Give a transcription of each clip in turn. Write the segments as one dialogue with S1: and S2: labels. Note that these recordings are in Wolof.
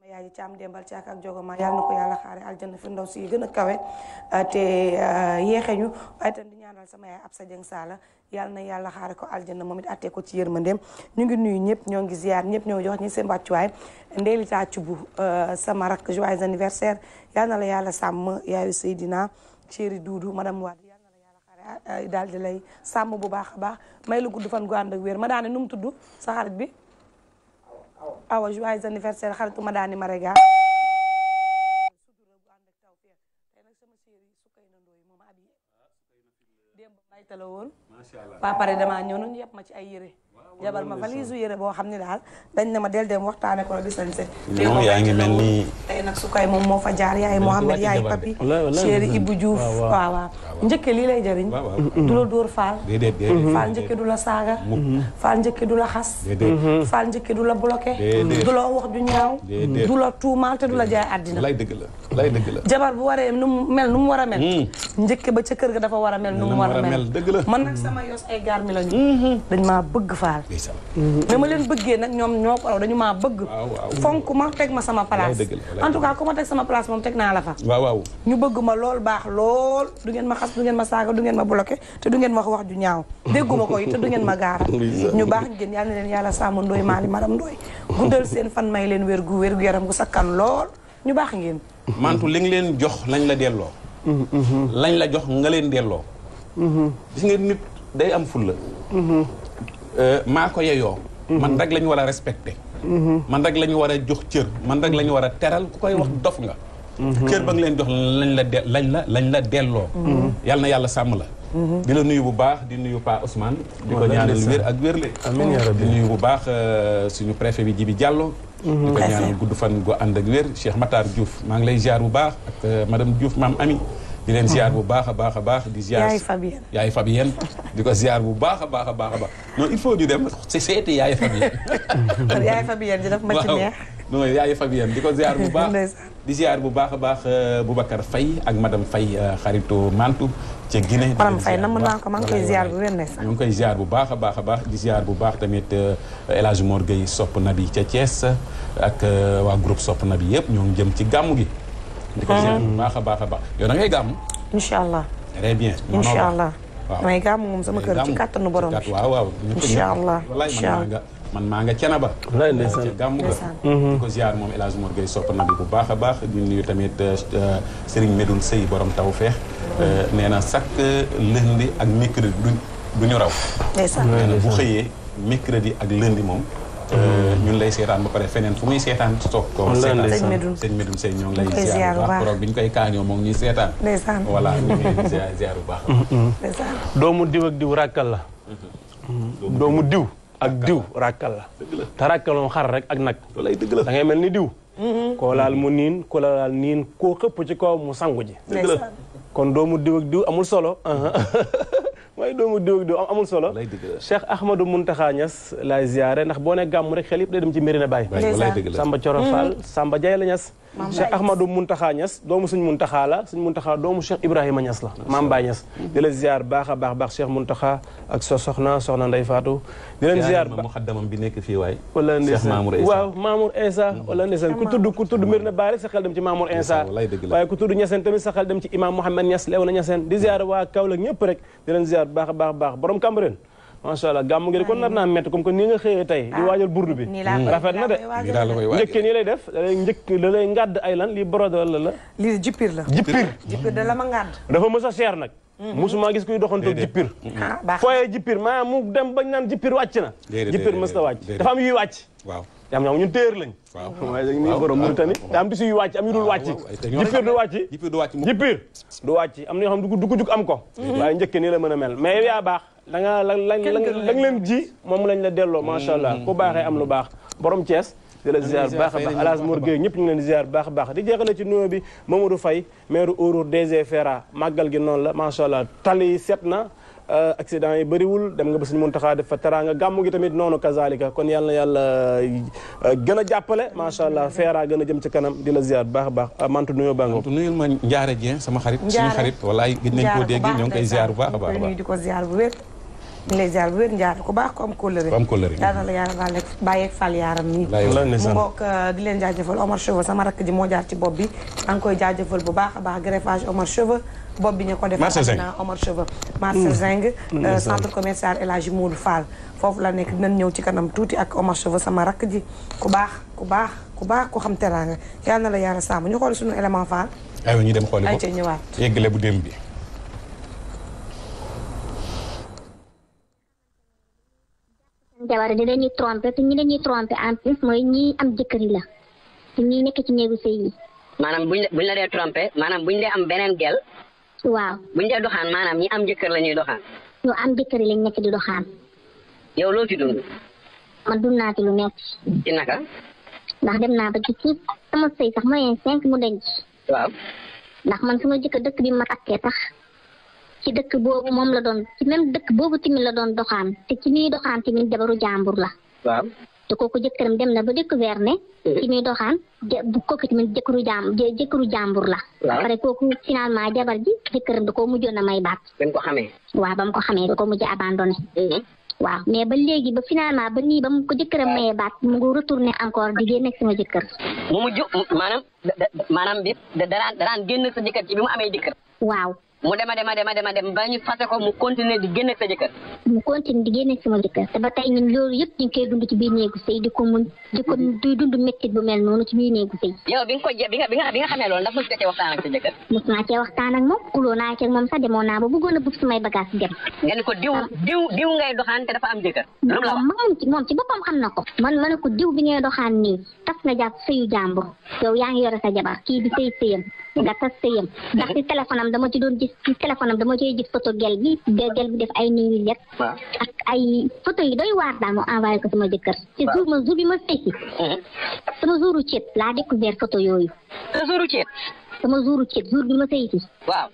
S1: ma yaay ji caam dembal caak ak jogoma yàlla na ko yàlla xaare aljanna fi ndaw gën a kawe euh, te euh, yeexeñu waaye tam di ñaanal sama yaay ab sa jëng saala yàlla na yàlla xaare ko aljanna moom it attee ko ci yërmandeem ñu ngi nuyu ñëpp ñoo ngi ziar ñëpp ñoo jox ñi seen wàccuwaay ndeeli taacu bu euh, sama rakk joyeux anniversaire yàlla na la yàlla sàmm yaayu Seydina chéri Doudou madame Wade yàlla na la yàlla xaare dal di lay sàmm bu baax a baax may lu gudd fan gu ànd ak wér ma daane nu mu tudd sa xarit bi awa joyeux anniversaire xaritu ma daani ma rega démb bayta la woon ba pare damaa ñëw nañu yëpp ma ci ay yére yabal ma valise yere boo xam ne daal dañ na ma del dem waxtaane ko di sañse moom yaa ngi mel ni tey moom moo fa jaar yaay Mohamed yaay Papi chéri Ibou Diouf waaw waaw njëkke lay jëriñ la dóor faal faal njëkke du la saaga mhm. faal njëkke du la xas mhm. faal njëkke du la bloqué du la wax ju ñaaw du la tuumaal la jaay àddina lay dëgg
S2: la lay dëgg la
S1: jabar bu waree mu mel nu mu war a mel mhm. njëkke ba ca kër ga dafa war a mel a dëgg la man nag sama yos ay dañ maa bëgg faal ndeysaan
S3: mm-hmm. ma leen
S1: bëggee nag ñoom ñoo ko dañu maa bëgg fonk ma teg ma sama place en tout cas ku ma teg sama place moom teg naa la fa waaw waaw ñu bëgg ma lool baax lool du ngeen ma xas du ngeen ma saaga du ngeen ma bloqué te du ngeen ma wax ju ñaaw dégguma ko it te ngeen ma gaara ñu baax ngeen yal na leen yàlla sàmm ndooy maali madam ndooy guddal seen fan may leen wér gu wér gu yaram gu sakkan lool ñu baax ngeen
S2: mantu li nga leen jox lañ la delloo mm-hmm. lañ la jox nga leen delloo mm-hmm. gis ngeen nit day am fulla Euh, maa ko yeyoo mhm. man rek la ñu war a respecté mhm. man rek la ñu war a jox cër man rek la ñu war a teral ku koy wax mhm. dof nga cër ba nga leen jox lañ la de lañ la lañ la delloo yàlla na yàlla sàmm la di la nuyu bu baax di nuyu Pa Ousmane di ko ñaanal wér ak wérle amiin yaa rabbi di nuyu bu baax euh, suñu préfet bi Djibi Diallo di ko ñaanal gudd fan gu ànd ak wér Cheikh Matar Diouf maa ngi lay ziar bu baax ak euh, madame Diouf maam Ami di leen ziar bu baax a baax a baax di ziar yaay Fabienne yaay di ko ziar bu baax a baax a baax a baax non il faut ñu dem seeti yaay Fabienne
S1: yaay Fabienne di daf ma ci neex
S2: non yaay Fabienne di ko ziar bu baax di ziar bu baax a baax euh, Boubacar Faye ak madame fay euh, xaritu Mantou ca Guinée madame Faye nam naa ko maa ngi koy ziar
S1: bu wér ndeysaan ngi koy ziar
S2: bu baax a baax a baax di ziar bu baax tamit euh, El Hadj Mor Gueye Sopp Nabi ca Thiès ak waa groupe Sopp Nabi yëpp ñoo ngi jëm ci gàmmu gi di ko ziar ah. bu mm, baax a baax a baax yow da ngay gàmm incha allah bien incha allah damay gàmm moom sama kër ci kàttanu borom bi waaw waaw incha allah incha allah man maa nga cena ba lay ndeysaan gàmm mm-hmm. moom El Hadj Mor na bi bu baax a baax di nuyu tamit euh, euh, Serigne Medoune sëy borom taw feex euh, nee na chaque lundi ak mercredi du duñu raw
S3: nee na bu xëyee
S2: mercredi ak lundi moom Euh, ñun lay seetaan ba pare feneen fu muy seetaan toog ko seetaan sëñ Medoune ñoo ngi bu baax bi ñu koy kaañoo moom ñuy seetaan voilà doomu diw ak diw ràkkal la mm-hmm. doomu diw ak diw ràkkal la te ràkkal moom xar rek ak nag da mel ni diw
S3: mm-hmm. koo laal mu
S2: niin ko laal niin koo xëpp ci kaw mu sangu ji kon doomu diw ak diw amul solo mooy doomu diw diw amul solo Cheikh mun taxa Niass laay ziyaare ndax boo ne gàmm rek xel yëpp day dem ci Mérina Baye Samba Coro Fall mm-hmm. Samba Diayla ñas Cheikh Ahmadou Muntaxa Niass doomu suñ Muntaxa la suñ Muntaxa doomu Cheikh Ibrahima Niass la maam Baye Niass mm-hmm. di la ziar baax a baax baax Cheikh Muntaxa ak sa soxna soxna Ndey Faatu di leen ziar muxaddamam bi nekk fii waay wala Insa mm-hmm. na Baye rek sa xel dem ci Mamour Insa waaye ku tudd Niassène tamit sa xel dem ci imam Mouhamed Niass leew na Niassène di ziar waa Kaolack ñëpp rek di leen ziar baax a baax baax borom Cambérène macha allah gàmm gi de kon nar naa métti comme que nga xëyee tey di ah, waajal burdu bi rafet na de njëkkee nii lay def da lay njëkk da lay ngàdd ay lan lii borode la lii jippir la jippir ma dafa mës a seer nag mm-hmm. musuma gis kuy doxantoog jippir mm-hmm. ah, fooyee jippir maanaam mu dem bañ naan jippir wàcc na jippir mës wàcc dafa am yuy wàcc waaw am ñoom ñun téer lañ waaye dañ ni borom Mauritanie te am bis yu wàcc am yu dul wàcc jippir du wàcc jippir du wàcc am na xam du jug am ko mm-hmm. waaye njëkkee nii la mën a mel mais yow a baax da nga la la nga leen ji moom lañ la delloo macha allah mm-hmm. ku baaxee am lu baax borom Thiès di la ziar baax a baax Alas leen a baax di jeexale ci nuyoo bi Mamadou Faye maire Ourour DG Fera màggal gi noonu la macha allah tali yi set na euh, accident yi bëriwul dem nga ba suñu Muntaxa def fa teraanga gàmmu gi tamit noonu kazalika kon yàlla na yàlla euh, gën a jàppale macha allah Fera gën a jëm ci kanam di la ziar baax baax euh, mantu nuyoo baa ngoo nuyul ma Ndiare Dieng sama xarit suñu xarit walaay gëj nañ
S1: a ñu lay ziar bu wér njaar ku baax ku am kóllëre. ku am kóllëre daanaka la euh, di leen jaajëfal Omar Cheveux sama rakk moo jaar ci bopp bi. maa ngi koy jaajëfal bu baax a baax greffage Omar Cheveux bopp bi ñu ko defal. marché Zeng Omar Cheveux. Mm. marché mm. Zeng. Euh, mm, foofu la nekk dinañ ñëw ci kanam tuuti ak Omar Cheveux sama ku baax ku baax ku baax ku xam teraanga yàlla na la yàlla sàmm ñu xool suñu élément Fall.
S2: aywa ñu dem xooli ko ay ca ñëwaat yeggale bu démb bi
S4: jabar di leen ñuy tromper te ñi leen ñuy tromper en mooy ñi am jëkkër la te ñi nekk ci néegu sëy yi. maanaam buñ la buñ la dee tromper maanaam buñ dee am beneen
S5: gel. waaw buñ dee doxaan maanaam ñi am jëkkër lañuy ñuy doxaan.
S4: ñu am jëkkër yi lañ nekk di doxaan. yow loo ci dund. man dund naa ci lu nekk. ci naka. ndax dem naa ba ci ci sama sëy sax moyen cinq mu denc. waaw. ndax man sama jëkkër dëkk bi ma takkee tax. ci dëkk boobu moom la doon ci même dëkk boobu tamit la doon doxaan te ci muy doxaan jàmbur la. waaw te kooku dem na ba découvert ne. Eh. ci muy doxaan ko kooku tamit jëkkëru jaam jàmbur la. ko pare kooku finalement jabar ji jëkkëram da koo a may baat. ba mu ko xamee. waaw ba mu koo mujj abandonné. Mm-hmm. waaw mais ba léegi ba finalement ba nii ba mu ko jëkkëram mayee baat mu ngi retourné encore di génn ak sama jëkkër.
S5: mu mujj maanaam da bi da daraan daraan génn sa jëkkër ci bi mu amee jëkkër. waaw. mu dem a dem a dem a dem a dem ba ñu fase ko mu continuer di génn ak sa jëkkër.
S4: mu continuer di génn ak sama jëkkër te ba tey ñun loolu yëpp ñu ngi koy dund ci biir néegu sëy di ko muñ di ko mm-hmm. di dund méttit bu mel noonu ci biir néegu sëy.
S5: yow bi nga ko bi nga bi nga bi nga xamee loolu ndax mos nga cee waxtaan ak sa jëkkër.
S4: mos naa cee waxtaan ak moom xuloo naa cee moom sax demoon naa ba bëggoon a bëgg sumay bagage dem. nga
S5: ne ko diw ah. diw diw ngay doxaan te dafa am jëkkër. loolu la wax
S4: moom ci moom ci boppam xam na ko. man ma ne ko diw bi ngay doxaan nii tas nga jàpp sëyu jàmbur yow yaa ngi yore sa jabar kii di sëy sëyam da ko sëyam ndax ci téléphone am dama ci doon gis ci téléphone am dama ci gis photo gel bi gel bi def ay nuyu yet ak ay photo yi doy waar daal mu envoyé ko sama jëkkër ci jour ma jour bi ma sëysi uh-huh. sama jouru ceet laa découvert photo yooyu sama jouru ceet sama jouru ceet jour bi ma sëysi waaw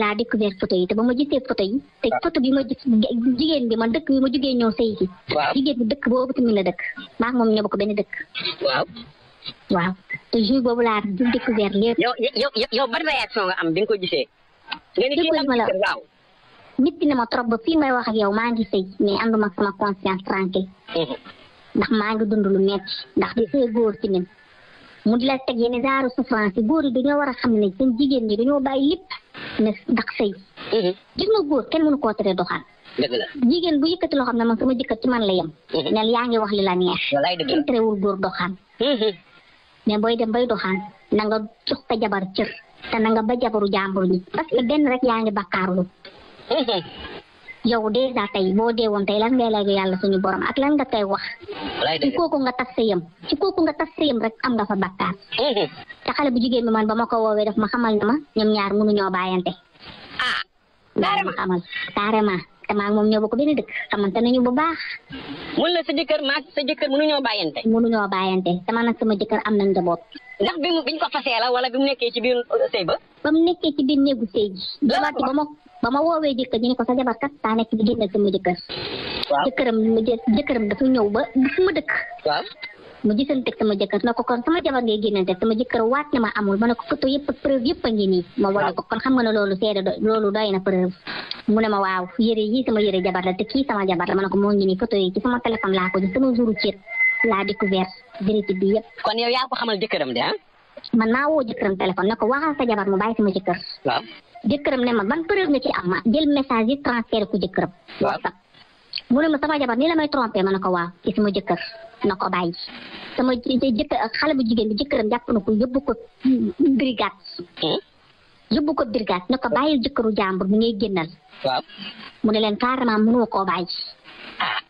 S4: laa découvert photo yi te ba ma gisee photo yi te photo bi ma gis jigéen bi man dëkk bi ma jógee ñëw sëysi jigéen bi dëkk boobu tamit la dëkk maa moom ñoo bokk benn dëkk
S5: waaw waaw te jour boobu laa du découvert lépp. yow yow yow ban réaction nga am bi nga ko gisee. nga ni
S4: kii na ma trop ba fii may wax yow maa ngi sëy mais ànduma sama conscience tranquille. ndax maa ngi dund lu metti ndax di see góor ci ñun. mu la teg yenn genre souffrance yi góor yi war a xam ne jigéen ñi dañoo bàyyi lépp ne ndax sëy. gis nga góor kenn mënu koo tere doxal. dëgg la jigéen bu yëkkati loo xam ne man sama jëkkër ci man la yem. nel yaa ngi wax li la neex. walaay dëgg la kenn terewul doxaan. mais booy dem bay doxaan na nga jox sa jabar cër te na ba jabaru jàmbur ñi parce que benn rek yaa ngi bakkaarlu hmm. yow dèjà tey boo deewoon tey lan ngay lay yàlla suñu borom ak lan nga koy wax ci kooku nga tas sëyam ci kooku nga tas rek am nga fa bakkaar te bu jigéen bi man ba ma ko woowee def ma xamal na ma ñoom ñaar mënuñoo ñoo ah ma xamal te moom ñoo bokk benn dëkk xamante nañu bu baax. mun la sa jëkkër maa sa jëkkër mënuñoo bàyyante. mënuñoo bàyyante sama nag ma jëkkër am na njaboot.
S5: ndax bi mu bi ñu ko la wala bi mu nekkee ci biir sëy ba.
S4: ba mu nekkee ci biir néegu sëy ji. jabar ji ba ma ba ma woowee jëkkër ñu ne ko sa jabar kat daa nekk di génn sama jëkkër. waaw jëkkëram jëkkëram dafa ñëw ba fu ma dëkk. waaw ma gisante ak sama jëkkër na ko kon sama jabar ngay génnante sama jëkkër waat na ma amul ma ne ko photo yëpp ak preuve yëpp a ngi nii ma wane ko kon xam nga ne loolu seede loolu doy na preuve mu ne ma waaw yére yi sama yére jabar la te kii sama jabar la ma ne ko moo ngi nii photo yi ci sama téléphone laa ko ji sama jouru cër laa découvert vérité bi yëpp
S5: kon yow yaa ko xamal jëkkëram de ah
S4: man maa woo jëkkëram téléphone ne ko waxal sa jabar mu bàyyi sama jëkkër waaw jëkkëram ne ma ban preuve nga ci am ma jël message yi transfert ku jëkkëram waaw mu ne ma sama jabar ni la may trompé ma ne ko waaw ci sama jëkkër na ko bàyyi sama jëkkër xale bu jigéen bi jëkkëram jàpp na ko yóbbu ko brigade hmm? yóbbu ko brigade na ko bàyyil jëkkëru jàmbur mu ngay génnal waaw mu ne leen carrément mënoo koo bàyyi ah.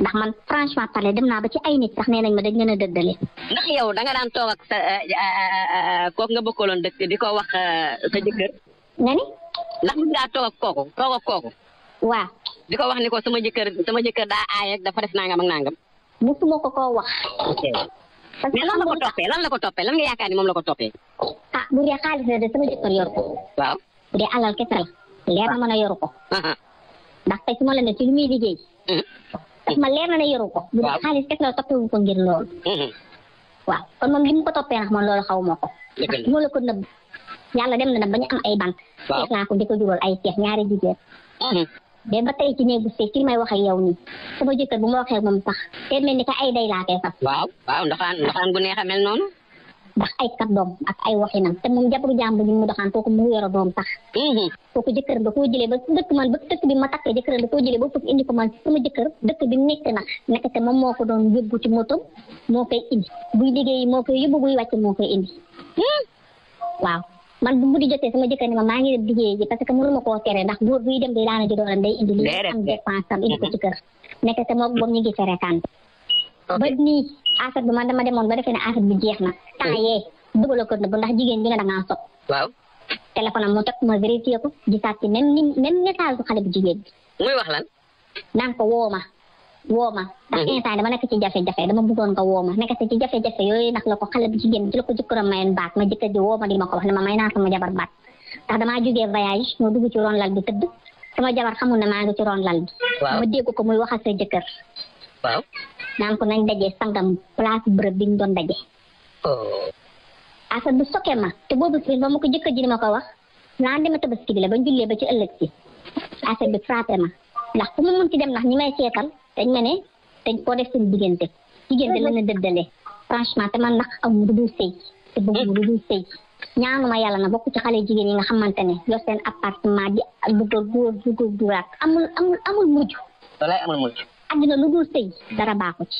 S4: ndax man franchement parler dem naa ba ci ay nit sax nee nañ ma dañ leen a dëddale
S5: ndax yow da daan toog ak sa euh, euh, euh, kooku nga bokkaloon dëkk di ko wax sa jëkkër nga ni toog ak kooku di ko wax ni ko sama jëkkër sama jëkkër daa aay dafa def nangam ak nangam
S4: musuma ko koo
S5: wax. parce que lan la toppee lan la ko toppee lan nga moom la ko toppee.
S4: ah bu dee xaalis la de sama jëkkër yor ko. waaw bu dee alal kese la. leer na mën a yoru ko. ndax tey su ma la na ne ko. bu dee xaalis kese kon moom li mu ko toppee nag man loolu xaw ma ko. dëgg la la ko nëbb yàlla dem na nag ba ñu am ay bant. di ko jural ay seet ñaari jigéen. mais ba tey ci néegu sëy ci may wax ak yow nii sama jëkkër bu ma waxee moom sax te mel ni ka ay day laa koy fas. waaw waaw ndoxaan ndoxaan bu neex a mel noonu. ndax ay kàddoom ak ay waxinam te moom jabaru jàmbur ñu mu doxaan kooku mu yoro doom sax. kooku jëkkër ba koo jëlee ba dëkk man ba dëkk bi ma takkee jëkkër da koo jëlee ba foofu indi ko man sama jëkkër dëkk bi nekk na nekk te moom moo ko doon yóbbu ci moto moo koy indi buy liggéeyi moo koy yóbbu buy wàcc moo koy indi waaw. man bu mu di jotee sama jëkkër ne ma maa ngi dem liggéey parce que mënu ma koo tere ndax góor buy dem day ji doolam day indi li am dépense am indi ko ci kër nekk te moom moom ñu ngi ferekaan ba nii affaire bi man dama demoon ba defee ne affaire bi jeex na temps yee dugal ko nëbb ndax jigéen ñi ne da ngaa sob waaw téléphone am mu teg ma vérifié ko gisaat ci même ni même message bu xale bu jigéen bi muy wooma woo ma ndax mm-hmm. instant dama nekk ci jafe-jafe dama bëggoon nga woo ma nekk ci jafe-jafe yooyu nag la ko xale bu jigéen la ko jëkkëram mayoon baat ma jëkkër ji ko wax ne ma may naa sama jabar baat ndax damaa jógee voyage ñoo dugg ci ron lal bi tëdd sama jabar xamul ne maa ngi ci ron lal bi ma dégg ko muy waxal jëkkër waaw naan ko nañ dajee sangam place bërëb bi ñu daje oh. affaire bu soke ma ba ma ko jëkkër ji di ma ko wax laan dema tabaski bi la ba jullee ba ci ëllëg si affaire bi frappé ma ndax fu mu mun ci dem ndax ñi may seetal dañ ma ne dañ koo def seen diggante diggante la ñu dëddale franchement te man nag am lu dul sëy te bëgg lu sëy ñaanuma yàlla na bokk ci xale jigéen yi nga xamante ne yor seen appartement di dugal góor dugal duraat amul amul amul mujj. walaay amul mujj. àddina lu dul sëy dara baaxu ci.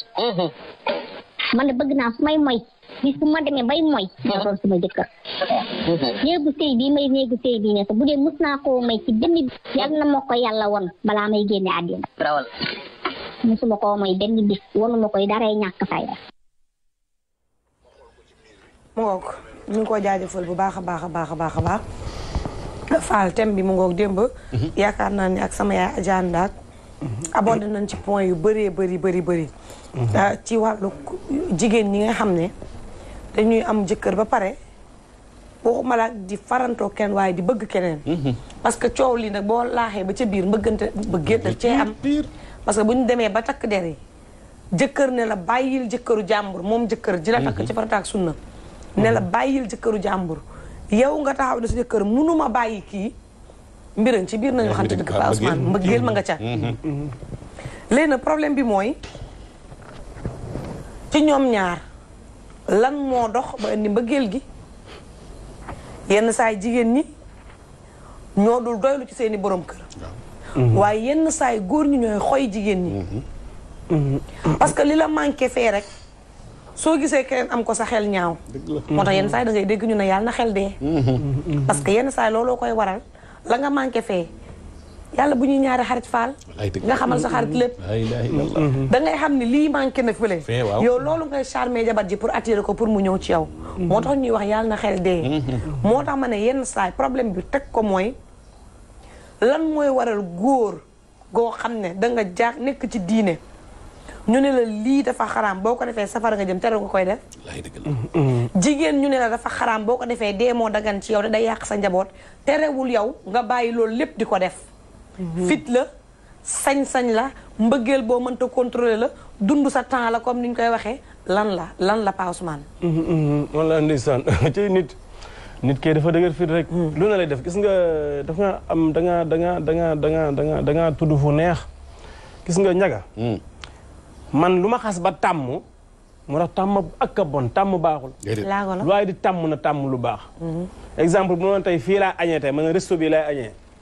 S4: man bëgg naa su may mooy bis bu ma demee suma jëkkër néegu sëy bii may néegu sëy bii ne sax bu dee mus naa koo may ci benn yàlla na ma ko yàlla woon balaa may génne àddina musuma koo mooy benn bis wanuma koy daray ñàkk fayda
S1: mu ngoog ñu ngi koo jaajëfal bu baax a baax a baax a baax a baax faal thème bi mu ngoog démb mhm. yaakaar naa ni ak sama yaay ajandaak mhm. abordé nañ ci point yu bëree bëri bëri bëri mhm. ah, ci wàllu jigéen ñi nga xam ne dañuy am jëkkër ba pare waxuma la di farantoo kenn waaye di bëgg keneen parce que coow lii nag boo laaxee ba ca biir mbëggante bëggee daf cee am parce que bu ñu demee ba takk der yi jëkkër ne la bàyyil jëkkëru jàmbur moom jëkkër ji la takk mhm. ci farataak sunna ne la mhm. bàyyil jëkkëru jàmbur yow nga taxaw ne sa jëkkër mënuma bàyyi kii mbiran ci biir nañu xam te dëgg Pa Ousmane mbëggeel ma nga ca
S3: mhm.
S1: léegi nag problème bi mooy ci ñoom ñaar lan moo dox ba indi mbëggeel gi yenn saay jigéen ñi ñoo dul doylu ci seeni borom kër Mm-hmm. waaye yenn saay góor ñi ñooy xoy jigéen ñi mm-hmm. Mm-hmm. parce que li la manqué fee rek soo gisee keneen am ko sa xel ñaaw
S3: moo tax yenn saay da ngay
S1: dégg ñu ne yàlla na xel dee parce que yenn saay looloo koy waral la nga manqué fee yàlla bu ñuy ñaari xarit faal nga xamal sa xarit lépp da ngay xam ne lii manqué na fële yow loolu ngay charmer jabar ji pour attirer ko pour mu ñëw ci yow moo tax ñuy wax yàlla na xel dee moo tax ma ne yenn saay problème bi teg ko mooy lan mooy waral góor goo xam ne da nga jaax nekk ci diine ñu ne la lii dafa xaram boo ko defee safara nga jëm tere nga koy def.
S3: Mm-hmm.
S1: jigéen ñu ne la dafa xaram boo ko defee dee moo dagan ci yow te day yàq sa njaboot terewul yow nga bàyyi loolu lépp di ko def. Mm-hmm. fit la sañ-sañ la mbëggeel boo mënta contrôler la dund sa temps la comme ni ñu koy waxee lan la lan la Pa Ousmane.
S2: Mm-hmm. wala ndeysaan ci nit. nit kay dafa dëgër fit rek. Hmm. lu ne lay def gis nga dafa nga am da nga da nga da nga tudd fu neex gis nga ñaga. Hmm. man lu ma xas ba tàmm. mu tax tàmm ak a bon tàmm baaxul. waaye di tàmm na tàmm lu baax. Hmm. exemple bu ma tey fii laa añee ma ne resto bi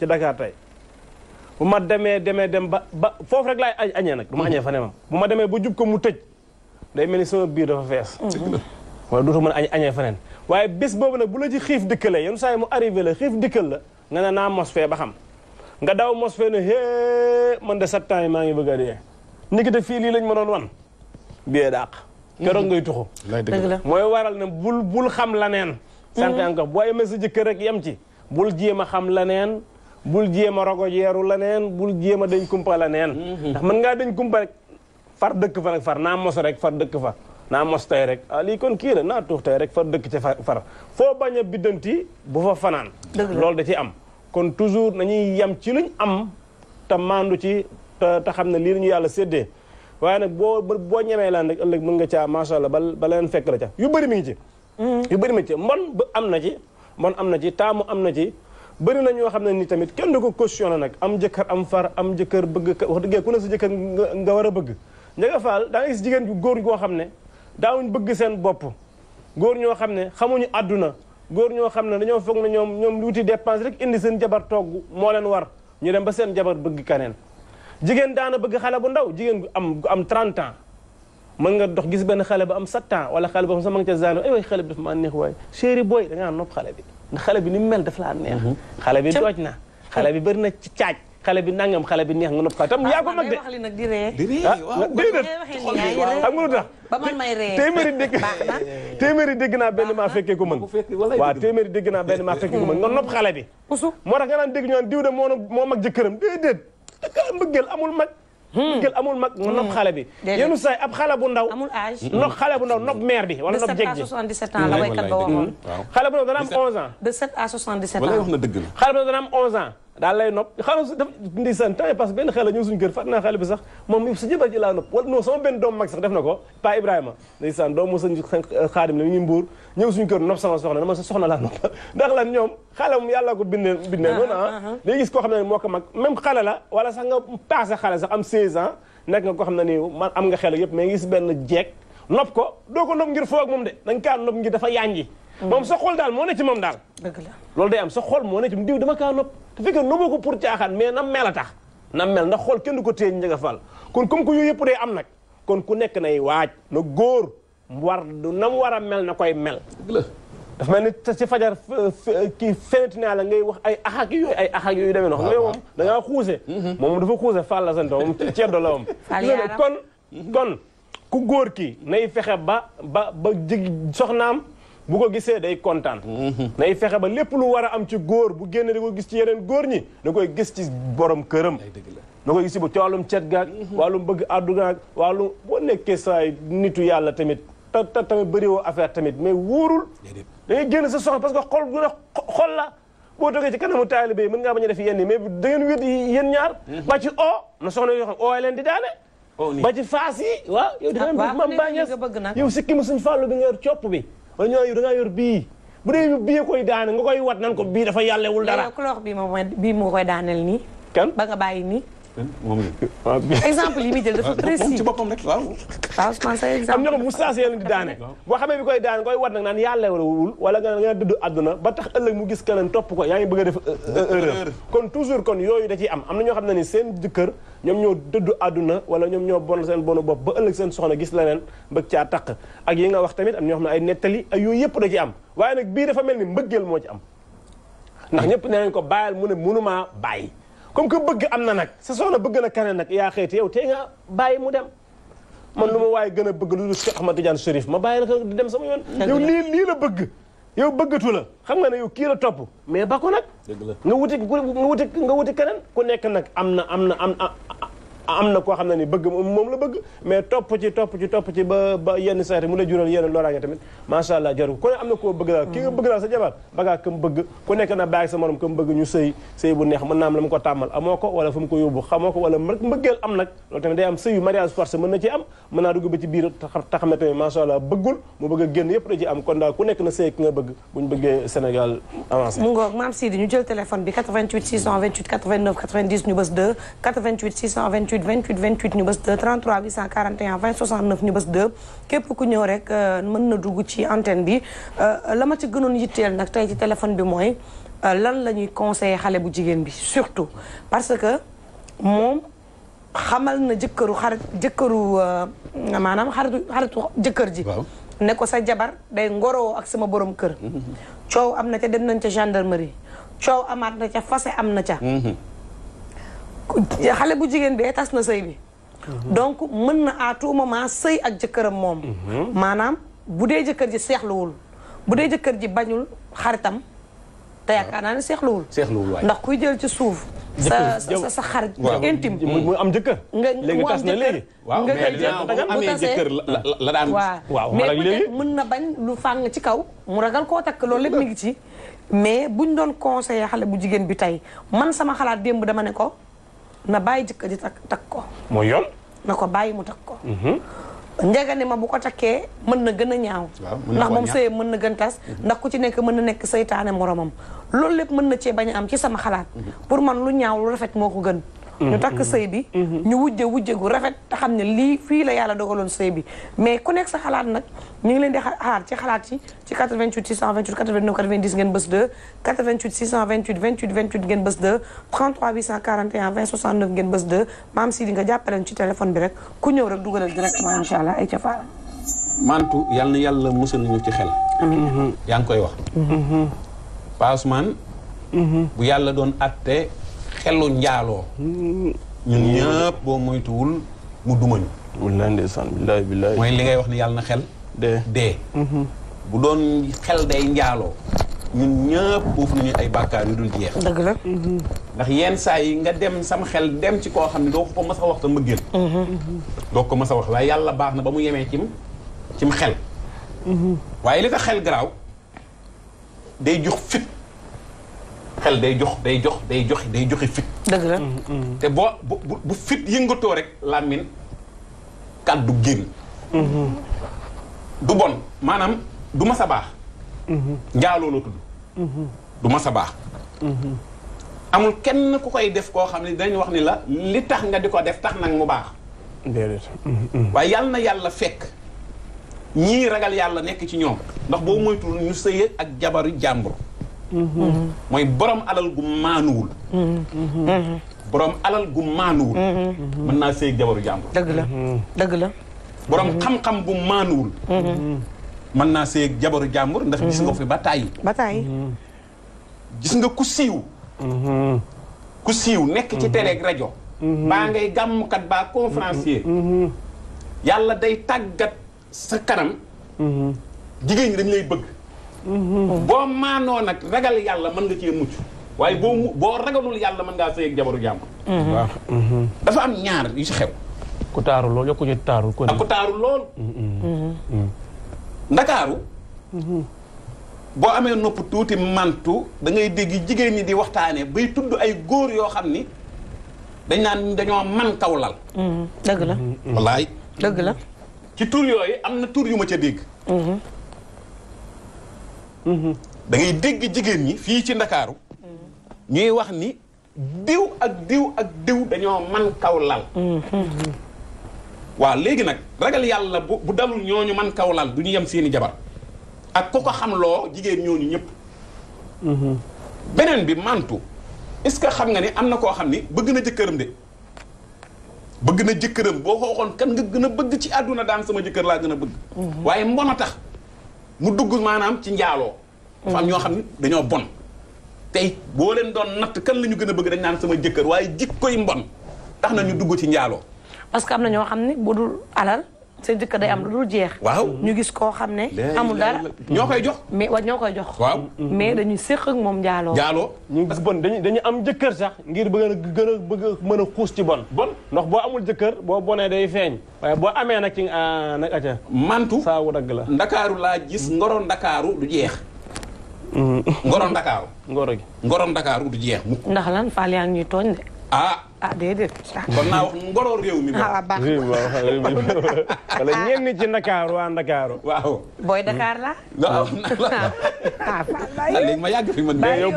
S2: ci Dakar tey. demee demee dem ba ba foofu rek laay añee nag du ma añee fa ne ma bu ma demee ba jub ko mu tëj day mel ni sama biir dafa fees. wala dootoo mën a añee feneen. waaye bés boobu nag bu la ci xiif dikkalee yenn saa mu arrivé la xiif dikkal la nga ne naa mos fee ba xam nga daw mos fee ne hee man de sept ans maa ngi bëgg a dee niki te fii lii lañ ma doon wan biyee dàq keroog ngay tuxu mooy waral ne bul bul xam laneen mm-hmm. sànq encore boo amee sa jëkkër rek yem ci bul jéem a xam laneen bul jéem a rogo yeeru laneen bul jéem a dañ kumpa laneen mm-hmm. ndax mën ngaa dañ kumpa rek far dëkk fa rek far naa mos rek far dëkk fa naa mos tey rek a ah, lii kon kii la naa tuux tey rek far dëkk ca far foo bañ a biddanti bu fa fanaan loolu da ci am kon toujours nañuy yem ci luñ am te maandu ci te xam ne lii la yàlla séddee waaye nag boo boo ñemee laan rek ëllëg mën nga caa macha allah ba leen fekk la ca yu bëri mi ngi ci mm. yu bëri mi ngi am na ci mbon am na ci taamu am na ci bëri na ñoo xam ne ni tamit kenn du ko cautionné nag am jëkkër am far am jëkkër bëgg wax dëggee ku ne si jëkkër nga war a bëgg njëga faal daa nga gis jigéen ju góor goo xam ne daawuñ bëgg seen bopp góor ñoo xam ne xamuñu àdduna góor ñoo xam ne dañoo foog na ñoom lu luuti dépense rek indi seen jabar togg moo leen war ñu dem ba seen jabar bëgg kaneen jigéen daana bëgg xale bu ndaw jigéen gu am gu am 30 mën nga dox gis benn xale ba am 7 ans wala xale boo xam sa ma nga ca zaan maa neex waay booy da ngaa nopp xale bi ndax xale bi ni mu mel daf laa neex mhm. xale bi dooj na xale bi bari na ci caaj xale bi nangam xale bi neex nga nopp xale tam ah, yaa ko mag de wax li nag maa fekkee ko mën nga nopp xale bi moo tax nga naan dégg ñoon moo mag jëkkëram déedéet mbëggeel amul hmm. amul mag nga nopp xale bi yenu saay ab xale bu ndaw amul âge nopp xale bu ndaw nopp mère bi wala nopp jeg xale bu ndaw dana am ans daal lay nopp xanaa su def ndeysaan temps parce que benn xale sax moom sa jabar ji laa nopp na ko pa Ibrahima ndeysaan doomu sëñ xaadim la mi ngi mbuur ñëw suñu kër ah. uh-huh, uh-huh. xam ne moo ko mag même xale la wala sax nga passé xale sax am 16 ans nekk nga koo xam ne nii man am nga xel yëpp mais ngi gis benn jeeg nopp ko doo ko nopp ngir foo moom de da nga kaa nopp ngir dafa yaañji moom sa xol daal moo ne ci moom daal. dëgg la loolu day am sa xol moo ne ci diw dama kaa nopp te fekk noboo ko pour caaxaan mais na mel a tax nam mel ndax xol kenn du ko téye njëga fal kon comme que yooyu yëpp day am nag kon ku nekk nay waaj na góor war du nam war a mel na koy mel. dafa mel ni ci fajar kii feneti naa la ngay wax ay axak ay axak yooyu demee nox mais moom da ngaa mm-hmm. moom dafa xuuse Fall la sant moom ceddo la moom kon kon ku góor ki nay fexe ba ba ba jig soxnaam bu ko gisee day kontaan. Mhm. day fexe ba lépp lu war a am ci góor bu génne da ko gis ci yeneen góor ñi da koy gis ci borom këram. na koy gis ci bu ci wàllum cet gaag. Mhm. wàllum bëgg àdduna ak wàllum boo nekkee saay nitu yàlla tamit ta ta tamit bëri woo affaire tamit mais wóorul. da ngay génn sa soxna parce que xol bu ne la boo toogee ci kanamu taalibe yi mën ngaa bañ a def yenn mais da ngeen wét yéen ñaar. Mhm. ba ci oo na soxna yoo xam oo leen di daane. ba ci faas yi waaw ah, bëgg maam yow sikki mu suñ fàllu copp bi wala ñoo da ngaa yor bii bu dee bii koy daane nga koy wat nan ko bii dafa yàllewul dara. mais
S1: yow ku moom wax bii moo koy daaneel nii. kan ba nga bàyyi nii.
S3: moom la.
S1: exemple yi muy
S2: boppam rek waaw. waaw Ousmane say bu saa si yéen daane. boo xamee bi koy daane koy war nag naan yàlla wul wala nga nga dudd àdduna ba tax ëllëg mu gis keneen topp ko yaa ngi bëgg a euh, euh, kon toujours kon yooyu da ciy am am na ñoo xam ne ni seen jëkkër ñoom ñoo dëdd àdduna wala ñoom ñoo bon seen bonu bopp ba ëllëg seen soxna gis leneen bëgg caa taq ak yi nga wax tamit am ñoo xam ne ay nettali ay yooyu yëpp da ci am waaye nag bii dafa mel ni mbëggeel moo ci am ndax ñëpp nee nañ ko bàyyal mu ne mënumaa bàyyi comme que bëgg am na nag sa soxna bëgg na keneen nag yaa xëyti yow tee nga bàyyi mu dem man lu ma waaye gën a bëgg lu dul Cheikh Ahmad Tidiane Chérif ma bàyyi la dem sama yoon yow lii lii la bëgg yow bëggatu la xam nga ne yow kii la topp mais ba ko nag nga wuti nga wuti nga wuti keneen ku nekk nag am na am na am am na koo xam ne ni bëgg moom la bëgg mais topp ci topp ci topp ci ba yenn saati mu lay jural yenn am na koo loolu tamit day xam ne tamit macha allah bëggul mu bëgg a génn yëpp da ci am kon daal ku nekk na sëy ki nga bëgg
S1: bu maam Sidi ñu jël téléphone bi 88 628 89 90 28 28 28 ñu bës 2 33 841 20 69 ñu bës képp ku ñëw rek euh, mën na dugg ci antenne bi euh, la ma ci gënoon yitteel nag tey ci téléphone bi mooy euh, lan la ñuy conseiller xale bu jigéen bi surtout parce que moom xamal na jëkkëru xarit jëkkëru maanaam xaritu xaritu jëkkër ji ne ko sa jabar day ngoro ak sama borom kër mm-hmm. coow am na ca dem nañ ca gendarmerie coow amaat na ca fase am na ca mm-hmm. xale bu jigéen bee tas na sëy bi. donc mën na à tout moment sëy ak jëkkëram moom. maanaam bu dee jëkkër ji seexluwul bu dee jëkkër ji bañul xaritam. te yaakaar naa ne seexluwul. seexluwul ndax kuy jël ci suuf. sa sa sa xarit. intime mu am jëkkër. nga léegi tas na léegi. waaw nga jël jëkkër la daan. waaw mais peut-être mën na bañ lu fàng ci kaw. mu ragal koo takk lépp mi ngi ci. mais buñ doon conseiller xale bu jigéen bi tey man sama xalaat démb dama ne ko. na bàyyi jëkkër ji takk
S3: ko. moo yoon.
S1: na ko bàyyi mu takk ko. Mhm. njëga ne ma bu ko takkee mën na gën a ñaaw. ndax moom sëyee mën na gën tas. Mhm. ndax ku ci nekk mën na nekk saytaane moromam. loolu lépp mën na cee bañ a am ci sama xalaat. Mhm. pour man lu ñaaw lu rafet moo ko gën. ñu takk sëy bi mhm. ñu wujje wujje gu rafet te xam ne lii fii la yàlla dogaloon sëy bi mais ku nekk sa xalaat nag ñu ngi leen di xaar ci xalaat yi ci 88 628 89 90 ngeen bës 2 88 628 28 28 ngeen bës 2 33 841 20 69 ngeen bës 2 maam si di nga jàppale ci téléphone bi rek ku ñëw rek dugalal directement incha
S2: mantu na yàlla musal ñu ci xel yaa ngi koy wax mhm. Pa Ousmane mhm. bu yàlla doon atte xelu njaaloo
S5: ñun ñëpp
S2: boo moytuwul mu dumañu wallaay ndeysaan billaay billaay mooy li ngay wax ni yàlla na xel dee mhm. bu doon xel day njaaloo ñun ñëpp boofu nañu ay bàkkaar yu dul jeex dëgg la mhm. ndax yenn saa yi nga dem sam xel dem ci koo xam ne doo ko mës wax te mbëggeel mhm. doo ko mës a wax waaye yàlla baax na ba mu yemee cim cim xel waaye li tax xel garaaw day jox fit xel day jox day jox day jox day joxe fit. dëgg la. Mm, mm. te boo bu bu fit yëngatoo rek làmmiñ kàddu génn. Mm-hmm. du bon maanaam du mas a baax. Mm-hmm. njaaloo la mm-hmm. du mas a baax. amul kenn ku koy def koo xam ne dañ wax ni la li tax nga di ko def tax nag mu baax. déedéet. waaye yàlla na yàlla fekk ñii ragal yàlla nekk ci ñoom. ndax boo moytuwul ñu sëye ak jabaru jàmbur.
S3: mooy
S2: borom alal gu maanuwul. borom alal gu maanuwul. mën naa sëy jabaru jàmbur. dëgg la boroom la. borom xam-xam bu maanuwul. mën naa sëy jabaru jàmbur ndax gis nga fi ba tàyyi. ba tàyyi. nga ku siiw. ku siiw nekk ci télé ak rajo. baa ngay gàmmkat baa conférencier. yàlla day tàggat sa kanam. jigéen ñi dañ lay bëgg. boo maanoo nag ragal yàlla mën nga cee mucc waaye boo mu boo ragalul yàlla mën ngaa sëy ak jabaru jàmbur.
S3: Mm-hmm. Mm-hmm.
S2: dafa am ñaar yu si xew. ku taaru lool yokkuñu taaru. kon ak taaru lool. Mm-hmm. ndakaaru. boo amee nopp tuuti mantu dangay dégg jigéen ñi di waxtaanee bay tudd ay góor yoo xam ni dañ naan dañoo man kaw lal. dëgg la. wallaay. dëgg la. ci tur yooyu am na tur yu ma ca dégg. da ngay dégg jigéen ñi fii ci ndakaaru ñuy wax ni diw ak diw ak diw dañoo man kaw lal waaw léegi nag ragal yàlla bu bu dalul ñooñu man kaw lal du ñu yem seeni jabar ak ku ko xam loo jigéen ñooñu ñëpp beneen bi mantu est-ce que xam nga ni am na koo xam ni bëgg na jëkkëram de bëgg na jëkkëram boo xooxoon kan nga gën a bëgg ci àdduna daan sama jëkkër laa gën a bëgg mhm. waaye mbon a tax mu dugg maanaam ci njaaloo dafa mm. am ñoo xam ne dañoo bon tey boo leen doon natt kan la ñu gën a bëgg dañ naan sama jëkkër waaye jikkoy mbon tax na ñu dugg ci njaaloo parce
S1: que am na ñoo xam ne bu dul alal sa jëkkër day am lu dul jeex. waaw ñu gis koo xam ne. amul dara ñoo koy jox. mais wa ñoo koy jox. waaw mais dañuy séq ak moom jaaloo. jaaloo
S2: ñu gis bon dañu dañuy am jëkkër sax ngir bëgg a gën a bëgg mën a xuus ci bon. bon ndox boo amul jëkkër boo bonee day feeñ. waaye boo amee nag ci ah, nag aca. mantu saawu dagg la. ndakaaru laa gis ngoro ndakaaru du jeex.
S3: Mm. ngoro
S2: ndakaaru. ngoro gi ngoro ndakaaru jeex. ndax
S1: lan Fall yaa ngi tooñ de. ah. ah déedéet. Ah. kon naa wax
S2: mi. ah baax wala ah. ñenn ci Ndakaaru waa ah. ma yàgg fi man. mi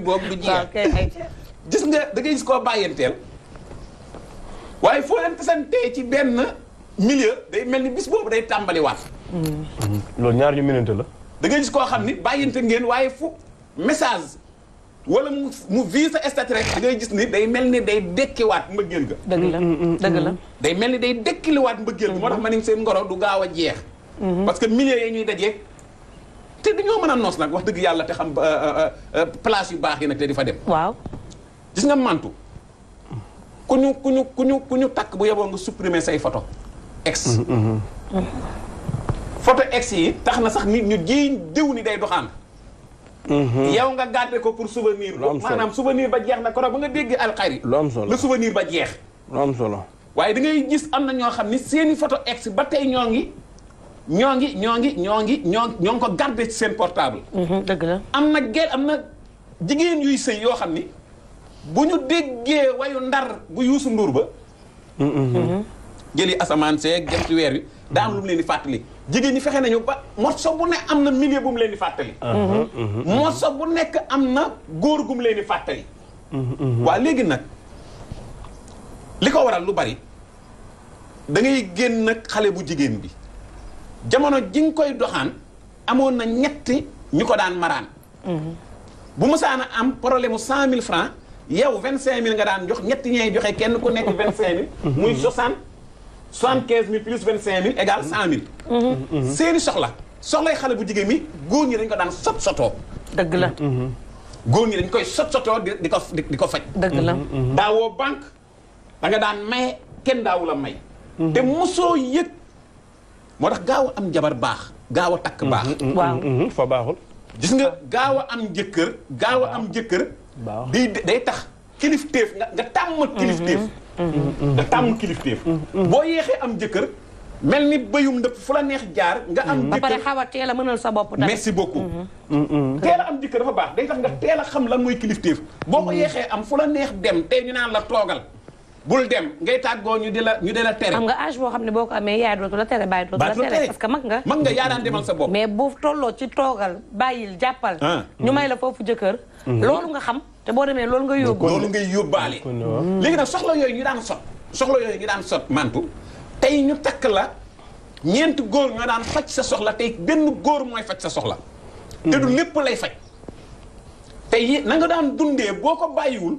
S2: boobu du jeex. waaw kay ay gis nga da ngay gis waaye foo leen tasantee ci benn milieu day mel ni bis boobu day tàmbaliwaat. Mm-hmm. loolu ñaar ñu minante la. da ngay gis koo xam ni bàyyante ngeen waaye fu message wala mu mu vise sa statut rek da ngay gis ni day mel ni day dekkiwaat mbëggeel ga. dëgg la mm-hmm, mm-hmm, dëgg la. day mel ni day dekkiliwaat mbëggeel ga. moo tax ma ni seen ngoro du gaaw a jeex. parce que milieu yi ñuy dajeeg. te du ñoo mën a noos nag wax dëgg yàlla te xam euh, euh, euh, place yu baax yi nag te di fa dem. waaw gis nga mantu. ku ñu ku ñu ku ñu ku ñu takk bu yeboo nga supprimer say photo ex
S3: mm-hmm, mm-hmm.
S2: photo ex yi tax na sax nit ñu jiiñ diw ni day doxaan mm-hmm. yow nga garder ko pour souvenir maanaam souvenir ba jeex na koro ba nga dégg alxari lu am solo la souvenir ba jeex lu am solo waaye da ngay gis am na ñoo xam ni seeni photo ex ba tey ñoo ngi ñoo ngi ñoo ngi ñoo ngi ñoo ñoo ngi ko garder ci seen portable dëgg la am na gel am na jigéen yuy sëy yoo xam ni bu ñu déggee wayu ndar bu yuusu nduur ba jëli asamaan seeg jëm ci weer wi daa am lu mu leen di fàttali jigéen ñi fexe nañu ba morso bu ne am na milieu bu leen di fàttali morso bu nekk am na góor gu mu leen di fàttali waa léegi nag li ko waral lu bari dangay génn nag xale bu jigéen bi jamono ji nga koy doxaan amoon na ñetti ñu ko daan maraan mhm. bu musaana am problème mu cent mille francs yow 25000 nga daan jox ñetti ñee joxe kenn ku nekk 25000. muy 60 75000 plus 25000 égale 100000. seeni soxla soxlay xale bu jigéen mi góor ñi dañ ko daan sot sotoo. dëgg la. Mm-hmm. góor ñi dañ koy sot sotoo di ko di ko faj. dëgg la. Mm-hmm. daawoo banque da nga daan maye kenn daawu la may. Mm-hmm. te mosoo yëg moo tax gaaw am jabar baax gaaw a takk baax. waaw fa baaxul. gis nga gaaw a am jëkkër gaaw a am jëkkër. day day tax kilifteef nga nga tàmm mm-hmm. kilifteef mm-hmm. nga tàmm kilifteef mm-hmm. boo yeexee am jëkkër mel ni bayum ndëpp fu la neex jaar nga am jëkkër ba xaw a teel a mënal
S1: sa bopp tamit merci
S2: beaucoup teel am jëkkër dafa baax day tax nga teel a xam lan mooy kilifteef boo ko yeexee am fu la neex dem tey ñu naan la toogal bul dem ngay tàggoo ñu di la ñu di la tere. xam nga âge boo xam ne boo
S1: ko amee yaay dootu la tere bàyyi dootu la tere parce nga. mag nga yaa daan demal sa bopp. mais bu tolloo ci toogal bàyyil jàppal. Ah.
S2: ñu may la foofu jëkkër. Mm-hmm. loolu nga xam te boo demee loolu nga yóbbu. loolu ngay yóbbaale. léegi nag soxla yooyu ñu daan sot soxla yooyu ñu daan sot mantu tey ñu takk la ñeenti góor ñoo daan faj sa soxla tey benn góor mooy faj sa soxla. te du mm. lépp lay faj. tey na nga daan dundee boo ko bàyyiwul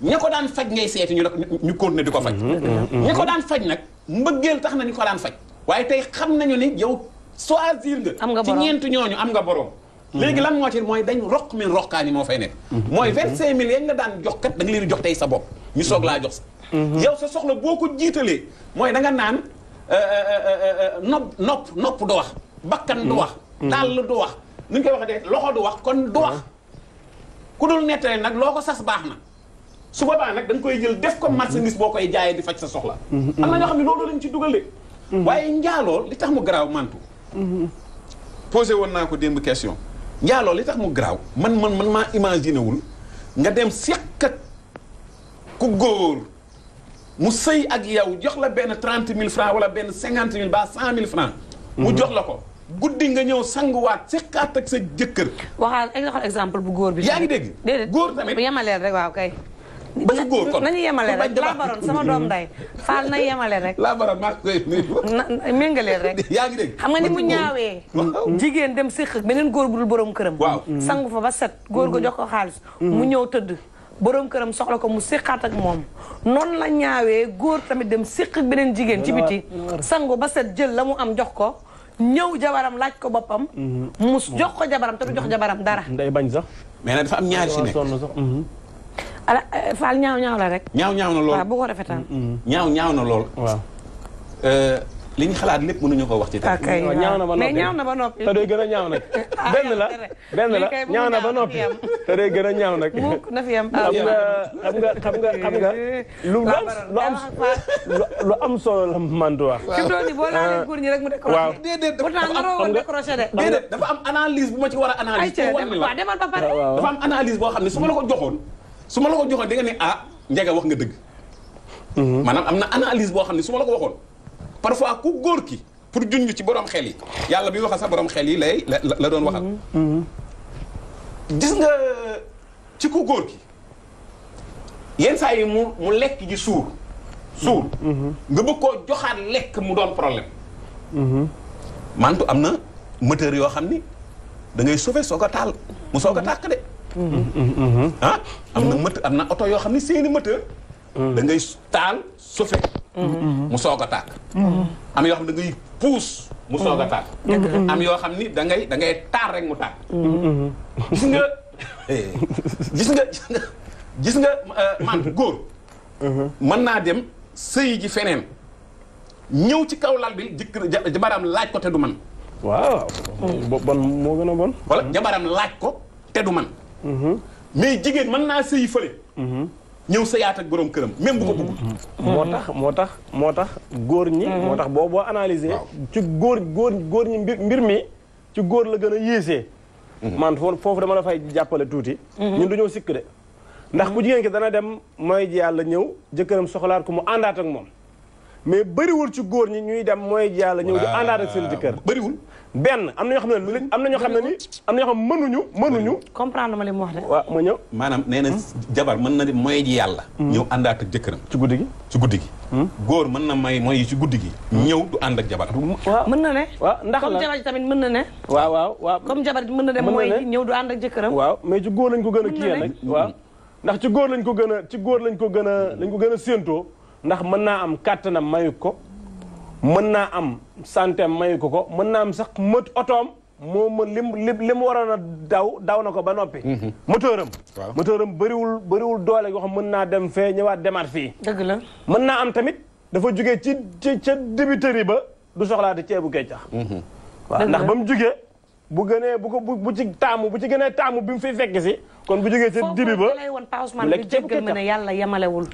S2: ña ko daan faj ngay seeti ñu ñu continuer di ko faj mm-hmm, mm-hmm. ñu ko daan faj nag mbëggeel tax na ñu ko daan faj waaye tey xam nañu ni yow choisir nga ci ñeent ñooñu am nga borom mm-hmm. léegi lan moo ci mooy dañ roq min roqaani moo fay nekk
S3: mooy vingt-cinq
S2: mille yaa nga daan jox kat da leen jox tey sa bopp ñu soog laa jox yow sa soxla boo ko jiitalee mooy danga naan euh, euh, euh, nopp nopp nopp du wax bakkan du wax tàll du wax nu ñu koy waxee loxo du wax kon du wax ku dul nettali nag loo ko sas baax na su boobaa nag da koy jël def ko marchandise boo koy jaayee di faj sa soxla. Mm-hmm. am na ñoo xam ne loolu lañ ci dugalee. Mm-hmm. waaye njaaloo li tax mu garaaw mantu. Mm-hmm. posé woon naa ko démb question. njaaloo li tax mu garaaw man man man maa imaginer wul nga dem seq ak ku góor mu sëy ak yow jox la benn trente mille franc wala benn cinquante mille ba cent mille franc. mu jox la ko. guddi nga ñëw sanguwaat seqaat ak sa jëkkër. waxaat joxal exemple bu góor bi. yaa ngi dégg góor tamit bu yemaleel rek waaw kay.
S1: ba ci góor kon nañu yemale rek laabaroon sama doom day faal na yemale rek. laabaroon maa koy méngaleel rek. yaa ngi dégg xam nga ni mu ñaawee. jigéen dem séq ak beneen góor bu dul borom këram. waaw sangu fa ba set. góor ga jox ko xaalis. mu ñëw tëdd. borom këram soxla ko mu séqaat ak moom noonu la ñaawee góor tamit dem séq ak beneen jigéen ci biti. sangu ba set jël la mu am jox ko. ñëw jabaram laaj ko boppam. Mhm. mu jox ko
S2: jabaram te du jox jabaram dara. nday bañ sax. mais nag dafa am ñaari si nekk
S1: ala eh, Fall ñaaw ñaaw la rek. ñaaw ñaaw na lool waaw bu ko rafetal.
S2: Mm, mm. ñaaw ñaaw na lool. waaw. Eh, li ñu xalaat lépp mënuñu ko wax ci tey. Ah, ñaaw na ba noppi mais ñaaw na ba noppi. te day gën a ñaaw nag. Ah, benn la benn la ñaaw na ba noppi. te day gën a ñaaw nag. mukk na fi am xam nga ah, lu am lu am lu am solo la mantu wax. waaw fi mu toll boo laalee góor ñi rek mu décroché. waaw déedéet dafa am analyse bu ma ci war a analyse. ayca waaw boo xam ne su la ko joxoon. su ma la ko joxoon da nga ah Ndiaga wax nga dëgg. Mhm. maanaam am na analyse boo xam ne su ma la ko waxoon. parfois ku góor ki pour junj ci borom xel yi yàlla bi waxal sax borom xel yi lay la doon waxal. Mhm. Mhm. gis nga ci ku góor ki yenn saa yi mu mu lekk ji suur. suur. nga bëgg koo joxaat lekk mu doon problème. mantu am na moteur yoo xam ni da ngay sauver soog a taal mu soog a tàkk de. Mm-hmm. ah am na mët am na oto yoo xam ne seeni moteur mm-hmm. da ngay taal sofe mm-hmm. mu soog a tàkk am yoo xam ne da ngay puus a yoo xam ni dangay ngay taal rek mu tàkk gis nga gis nga gis nga gis nga euh, man naa dem sëy ji feneen ñëw ci kaw lal bi jëkkër jabaram laaj ko te man waaw bon moo gën a bon wala jabaram laaj ko te du man Mm-hmm. mais jigéen mën naa sëyi fële. Mm-hmm. ñëw sëyaat ak borom këram même bu ko bëggul. Mm-hmm. moo tax moo tax moo tax góor ñi. moo tax booboo boo analysé. ci góor góor góor ñi mbir mbir mi ci góor la gën a yéesee. man foofu dama la fay jàppale tuuti. ñun dañoo sikk de. ndax ku jigéen ki dana dem mooy ji yàlla ñëw jëkkëram soxlaat ko mu àndaat ak moom mais bariwul ci góor ñi ñuy dem mooy ji yàlla ñëw di àndaat ak seen jëkkër benn am na ñoo xam ne li am na ñoo xam ne ni am na ñoo xam mënuñu mënuñu comprendre ma li mu wax de ma ñëw maanaam nee na jabar mën na mooy ji yàlla hmm. ñëw àndaat ak jëkkëram ci guddi ci guddi hmm? góor mën na may mooy ci guddi gi hmm? ñëw ànd ak jabar mën na ne waaw ndax la tamit mën na ne waaw waaw waaw comme jabar mën na ne mooy ji ñëw du ànd ak jëkkëram waaw mais ci góor lañ ko gën a kiyee nag waaw ndax ci góor lañ ko gën a ci góor lañ ko gën a lañ ko gën a séentoo ndax mën naa am kàttanam mayu ko mën naa am santé mayu ko ko mën naa am sax mët otoom moo mën lim lim li mu waroon a daw daw na ko ba noppi. Mhm. motooram. waaw motooram bëriwul bëriwul doole yoo xam mën naa dem fee ñëwaat demaat fii. dëgg la mën naa am tamit dafa jugee ci ca ca débiteri ba du soxlaa soxlaati ceebu keccax. Mhm. waaw ndax ba mu jugee. bu gënee bu ko bu ci taamu bu ci gënee taamu bi mu fiy fekk si kon bu jógee ca dibi ba lay woon Pa Ousmane bi jéggal ma ne
S1: yàlla yemalewul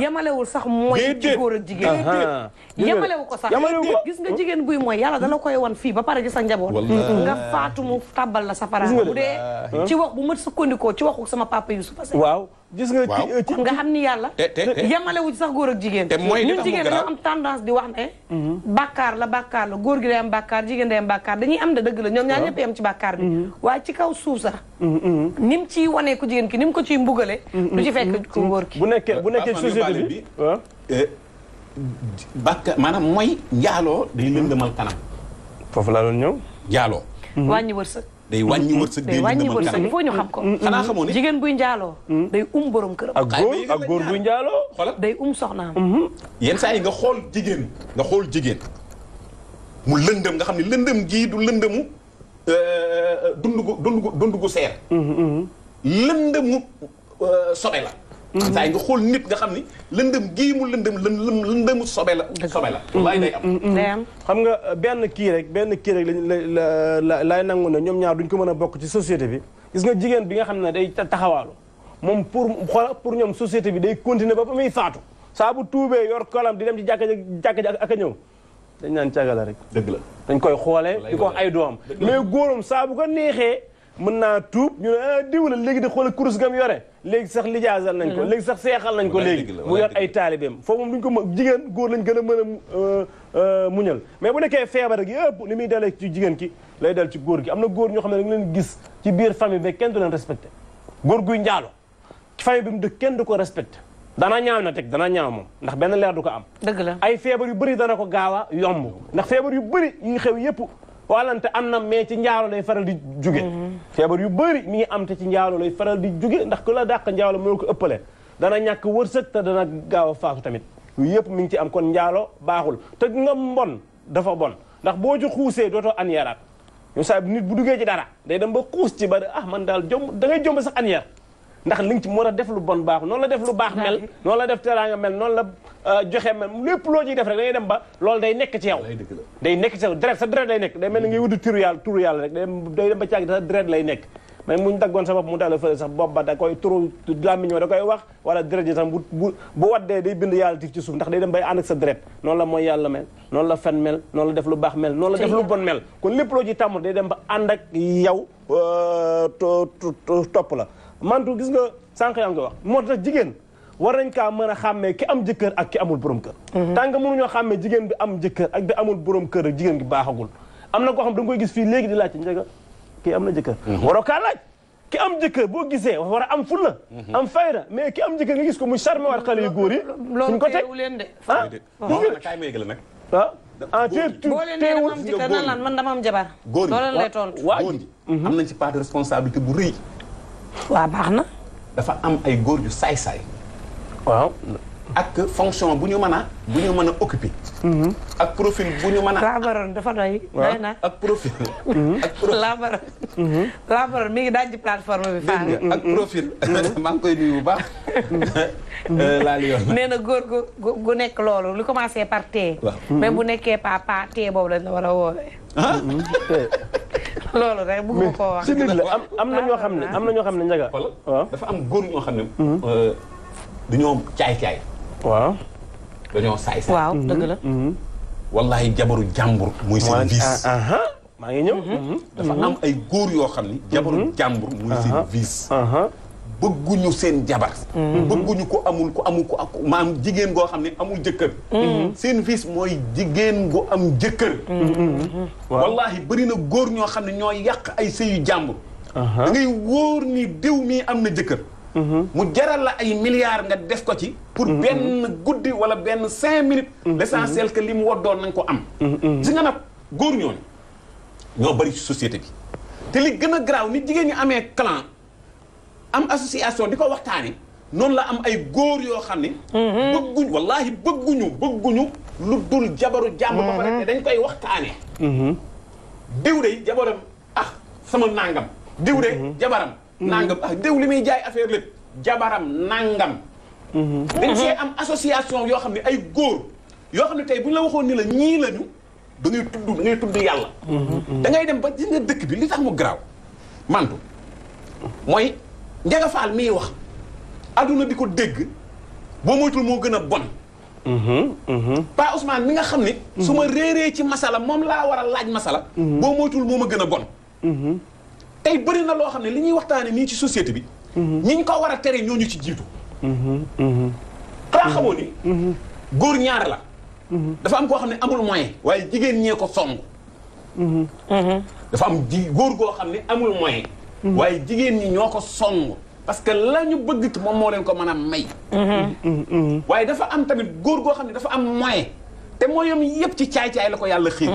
S1: yemalewul sax mooy ci góor ak jigéen yemalewu ko sax gis nga jigéen buy mooy yàlla dala koy woon fii ba pare ci sa njaboot nga faatu mu tàbbal la safara bu dee ci wax bu ma sukkandikoo ci waxu sama papa Youssouf waaw gis nga euh, ci nga xam ni yàlla. Eh, te te eh. te yemalewu ci sax góor ak jigéen. te mooy ñun jigéen ñoo tendance di wax ne. Mhm. bàkkaar la bàkkaar la góor gi day am bàkkaar jigéen day am bàkkaar dañuy am da dëgg la ñoom ñaar ñëpp yem ci bàkkaar bi. Mhm. waaye ci kaw suuf sax. Mhm, ni mu ciy wanee ku jigéen ki ni mu ko ciy mbugale. du ci fekk ku góor ki. bu nekkee bu nekkee société bi
S2: waaw. Euh, bàkkaar maanaam mooy jaaloo day lëndëmal kanam. foofu laa ñëw jaaloo. wàññi wërsëg. day wàññi wërsëg day wàññi wërsëg il faut ñu
S1: xam ko xanaa xamoo ne jigéen buy njaaloo day um borom kër ak góor ak góor
S2: buy njaaloo xoolal day um soxnaam mm-hmm. yenn saa yi nga xool jigéen nga xool jigéen mu lëndëm nga xam ne lëndëm gii du lëndëmu dund euh, dund gu dund seer mm-hmm. lëndëmu euh, sobe la saa yi nga xool nit nga xam ni lëndëm gii mu lëndëm lëndëm lëndëmu sobe la sobe la wallaay day am xam nga euh, benn kii rek benn kii rek la laay nangu na ñoom ñaar duñ ko mën a bokk ci société bi gis nga jigéen bi nga xam ne day taxawaalu moom pour xoola pour ñoom société bi day continuer ba ba muy faatu saa bu tuubee yor kolam di dem ci jàkka jàkka ji ak a ñëw dañ naan caga rek dëgg la dañ koy xoolee di ko wax ay doom mais góoram saa bu ko neexee mën naa tuub ñu ne ah, diw léegi di xoole kurus gam yore léegi sax lijaasal nañ ko mm-hmm. léegi sax seexal nañ ko léegi mu yor ay taalibeem foofu moom duñ ko mën jigéen góor lañ gën a mën a euh, euh, muñal mais bu nekkee feebar gi yëpp ni muy dalee ci jigéen ki lay dal ci góor gi am na góor ñoo xam ne da leen gis ci biir famille mais kenn du góor guy njaalo ci bi mu dëkk kenn du ko respecté danaa ñaaw teg danaa ñaaw moom ndax benn leer du ko am dëgg la ay feebar yu bëri dana ko gaaw yomb ndax feebar yu bëri yi xew yëpp waalante am na mais ci njaalo lay faral di juge mhm. feebar yu bëri mi ngi am te ci njaalo lay faral di juge ndax ku la dàq njaalo moo ko ëppale dana ñàkk wërsëg te dana gaaw a faatu tamit yooyu yëpp mi ngi ci am kon njaalo baaxul te nga mbon dafa bon ndax boo ci xuusee dooto an yaraat yow saa nit bu dugee ci dara day dem ba xuus ci bari ah man daal jom da ngay jomb sax an yar ndax li nga ci mën a def lu bon baaxul noonu la def lu baax mel noonu la def teraanga mel noonu la euh, joxe mel lépp loo ciy def rek dañuy dem ba loolu day nekk ci yow day nekk ci yow deret sa deret lay nekk ni ngay wuti turu yàlla turu yàlla rek day dem ba càgg sa deret lay nekk mais sa bopp mu daal fële sax bopp ba da koy turu làmmiñ da koy wax wala deret ji tam bu bu waddee day bind yàlla tif ci suuf ndax day dem bay ànd sa deret noonu la mooy yàlla mel la fen mel def lu baax mel noonu la def lu bon mel kon lépp loo ci tàmm day dem ba ànd ak yow euh, topp la mantu gis nga sànq yaa nga wax moo tax jigéen war nañ kaa mën a xàmmee ki am jëkkër ak ki amul borom kër mhm. tant que mënuñoo xàmmee jigéen bi am jëkkër ak bi amul borom kër ak jigéen gi baaxagul am na koo xam da nga koy gis fii léegi di laaj ci am na jëkkër mhm. waroo kaa laaj ki am jëkkër boo gisee war am fulla mhm. am fayda mais ki am jëkkër nga gis ko muy charmé waat xale yu góor yi suñ ko teg ah ah ah tey tu teewul góor yi am nañ ci part de responsabilité bu rëy waaw baax na. dafa am ay góor yu saay-saay. waaw. ak fonction bu ñu mën a. bu ñu mën a occuper. Mhm. ak profil bu ñu mën a.
S1: laabaroon dafa doy. doy na ak profil. Mhm. Mhm. mi ngi daaj ci plateforme bi. faa ak
S2: profil. maa ngi koy nuyu bu baax.
S3: Euh, laal yoon nee
S1: na góor gu gu nekk loolu lu commencé par T. mais bu nekkee papa T boobu lañ la war a woowee.
S3: Ah?
S1: loolu rek bëgguma koo wax.
S2: am am na ñoo xam ne ah. am na ñoo xam ne njaga. waaw dafa am góor ñoo xam ne. Mhm. Euh, dañoo caay caay. waaw. dañoo saay saay. waaw mhm. dëgg la. Mhm. wallahi jabaru jàmbur. muy seen vice. Ah, maa ngi ñëw. dafa am ay góor yoo xam ne jabaru jàmbur muy seen vice. bëgguñu seen jabar mhm. bëgguñu ko amul ko amul ko ak maam jigéen goo xam ne amul jëkkër mhm. seen fils mooy jigéen gu am jëkkër mhm. wallahi bëri na góor ñoo xam ne ñoo yàq ay sëyu jàmbur da ngay wóor ni diw mii am na jëkkër mu jaral la ay milliards nga def ko ci pour benn guddi wala benn cinq minutes l'essentiel que li mu woddoon nañ ko am si nga nag góor ñooñu ñoo bëri ci société bi te li gën a garaaw ni jigéen ñi amee clan am association di ko waxtaane noonu la am ay góor yoo xam ne mm-hmm. bëgguñ wallaahi bëgguñu bëgguñu lu dul jabaru jàmm ba pare ne mm-hmm. dañ koy waxtaane mm-hmm. diw de jabaram ah sama nangam diw de jabaram nangam ah, diw li muy jaay affaire lépp jabaram nangam dañ see am association yoo xam ne ay góor yoo xam ne tey bu ñu la waxoon ni la ñii lañu da ngay tudd da ngay tudd yàlla da ngay dem ba gis dëkk bi li tax mu garaaw mantu mooy Ndiaga Fall mii wax àdduna di ko dégg boo moytul moo gën a bon. Mhm, mhm. Pa Ousmane mi nga xam ne mhm. su ma réeree ci masala moom laa war a laaj masala. boo moytul moo ma gën a bon. tey bëri na loo xam ne li ñuy waxtaane nii ci société bi. ñiñ ko war a tere ñooñu ci jiitu. góor ñaar la. dafa am koo xam ne amul moyen waaye jigéen ñee ko song. dafa am ji góor goo xam ne amul moyen. waaye jigéen ñi ñoo ko song parce que la ñu bëgg moom moo leen ko mën a may waaye dafa am tamit góor goo xam ne dafa am moyen te mooyam yëpp ci caay-caay la ko yàlla xiir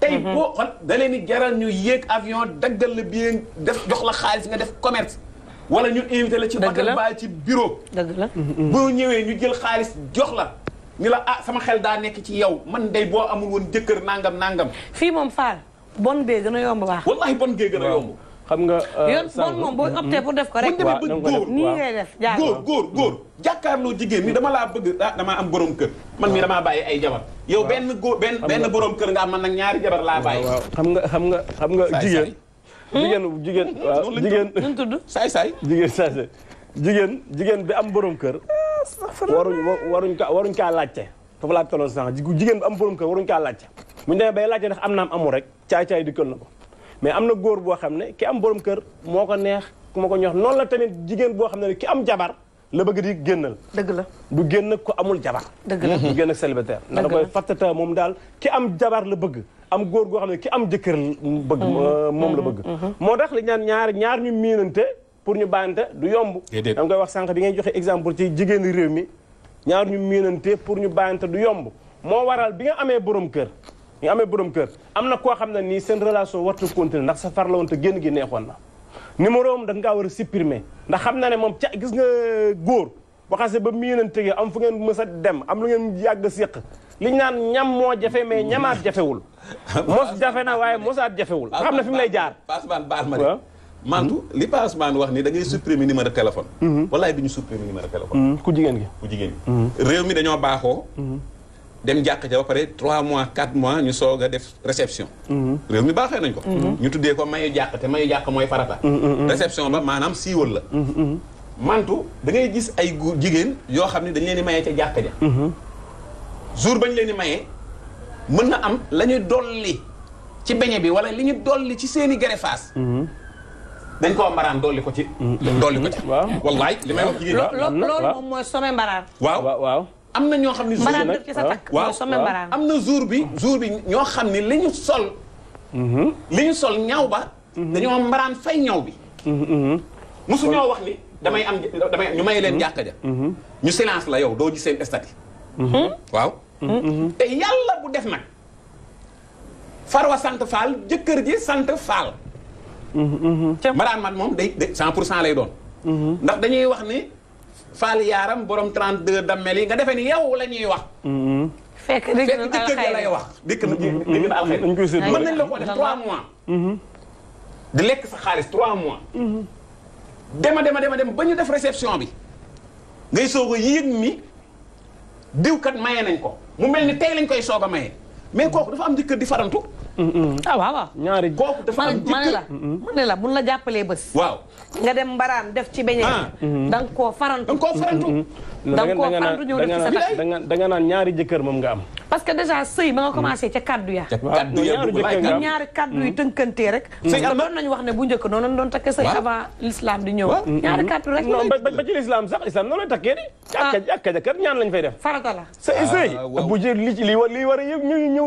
S2: tey boo xol da leen di jaral ñu yéeg avion daggal la bien def jox la xaalis nga def commerce wala ñu invité la ci bakkal baa ci bureau dëgg la boo ñëwee ñu jël xaalis jox la ni la ah sama xel daa nekk ci yow man day boo amul woon jëkkër nàngam nàngam fii moom Fall bon bee gën a yomb baax. wallaahi bon gee a yomb. xam nga euh, yoon bon moom boo opté pour def ko rek. waaw da nga ko góor góor góor. jàkkaarloo jigéen ni dama laa bëgg ah damaa am borom kër. man mi damaa bàyyi ay jabar. yow benn góor benn benn borom kër nga am man nag ñaari jabar laa bàyyi. xam nga xam nga xam nga hmm? jigéen. jigéen jigéen waaw jigéen. nu mu tudd saay saay. jigéen saay jigéen jigéen bi am borom kër. Ah, waruñ waruñ kaa waruñ kaa laajte. foofu laa tolloon sànq jigéen bi am borom kër waru caa laajte bu ñu demee bay laajte ndax am naam amul rek caay-caay dikkal na ko mais am na góor boo xam ne ki am borom kër moo ko neex moo ko ñox noonu la tamit jigéen boo xam ne ki am jabar la bëgg di génnal. dëgg la du génn ko amul jabar. dëgg la du génn ak ndax da koy moom daal ki am jabar la bëgg. am góor goo xam ne ki am jëkkër bëgg. Mm-hmm. Euh, moom la mm-hmm. bëgg. Mm-hmm. moo tax li ñaan ñaar ñaar ñu miinante pour ñu bànnte du yomb. da nga wax sànq bi ngay joxe exemple ci jigéenu réew mi ñaar ñu miinante pour ñu bànnte du yomb moo waral bi nga amee borom kër. ñu amee borom kër am na koo xam ne nii seen relation warta continuer ndax sa farla woon te génn gi neexoon na numéro am da ngaa war a supprimer ndax xam na ne moom ca gis nga góor boo xasee ba miinante gi am fu ngeen mës a dem am lu ngeen yàgg a séq liñ naan ñam moo jafe mais ñamaat jafewul mos jafe na waaye mosaat jafewul xam na fi mu lay jaar passman baal ma de mantu hmm? li passman wax ni da ngay supprimer numéro téléphone hmm? wallaay du ñu supprimer numéro téléphone hmm? ku jigéen gi ku jigéen gi réew mi dañoo baaxoo dem jàkk ja ba pare 3 mois 4 mois ñu soog a def réception. Mhm. réew mi baaxee nañ ko. Mhm. ñu tuddee ko mayu jàkk te mayu jàkk mooy farata. Mhm, réception ba maanaam siiwal la. mantu da ngay gis ay góor jigéen yoo xam ne dañ leen di maye ca jàkk ja. jour bañ leen di maye mën na am la ñuy dolli ci beñe bi wala li ñu dolli ci seen i gerefaas. dañ koo mbaraan dolli ko ci. dolli ko ci. wallaay loolu moom mooy some mbaraan. waaw. am na ñoo xam ne jour bi nag ah, waaw am na jour bi jour bi ñoo xam ne li ñu sol mm-hmm. li ñu sol ñaw ba mm-hmm. dañoo mbaraan fay ñaw bi musu mm-hmm. ñoo wax ni damay am damay ñu may leen jàkka ja ñu silence la yow doo ji seen statut waaw te yàlla bu def nag farwa sant faal jëkkër ji sant faal mbaraan man moom de cent pour cent lay doon ndax dañuy wax ni faal yaaram borom 32 dammel yi nga defee ni yow la ñuy wax. Mm-hmm. fekk dëgg na jëkkër lay wax. dëkk na dëgg na mm-hmm. alxayri mën nañ la ko def 3 mois. Mm-hmm. di lekk sa xaalis 3 mois. dema dema dema dem ba ñu def réception bi ngay soog a yéeg mi diwkat maye nañ ko mu mel ni tey lañ koy soog a maye mais kooku dafa am jëkkër di farantu. ah waaw waaw. ñaari kooku dafa am la
S1: ma ne la jàppalee bës. waaw nga dem mbaraan def ci beñe. Ah. da nga koo farantu da nga koo farantu. da nga koo farantu ñëw def ci sa
S2: da nga naan ñaari jëkkër moom nga am.
S1: parce que déjà sëy ba nga commencé ca kaddu ya kaddu ya kaddu yu hmm. tënkantee rek wax
S2: ne bu njëkk noonu doon takke sëy avant l'islam di ñëw hmm. ñaari rek non ba ci l'islam sax islam noonu lay a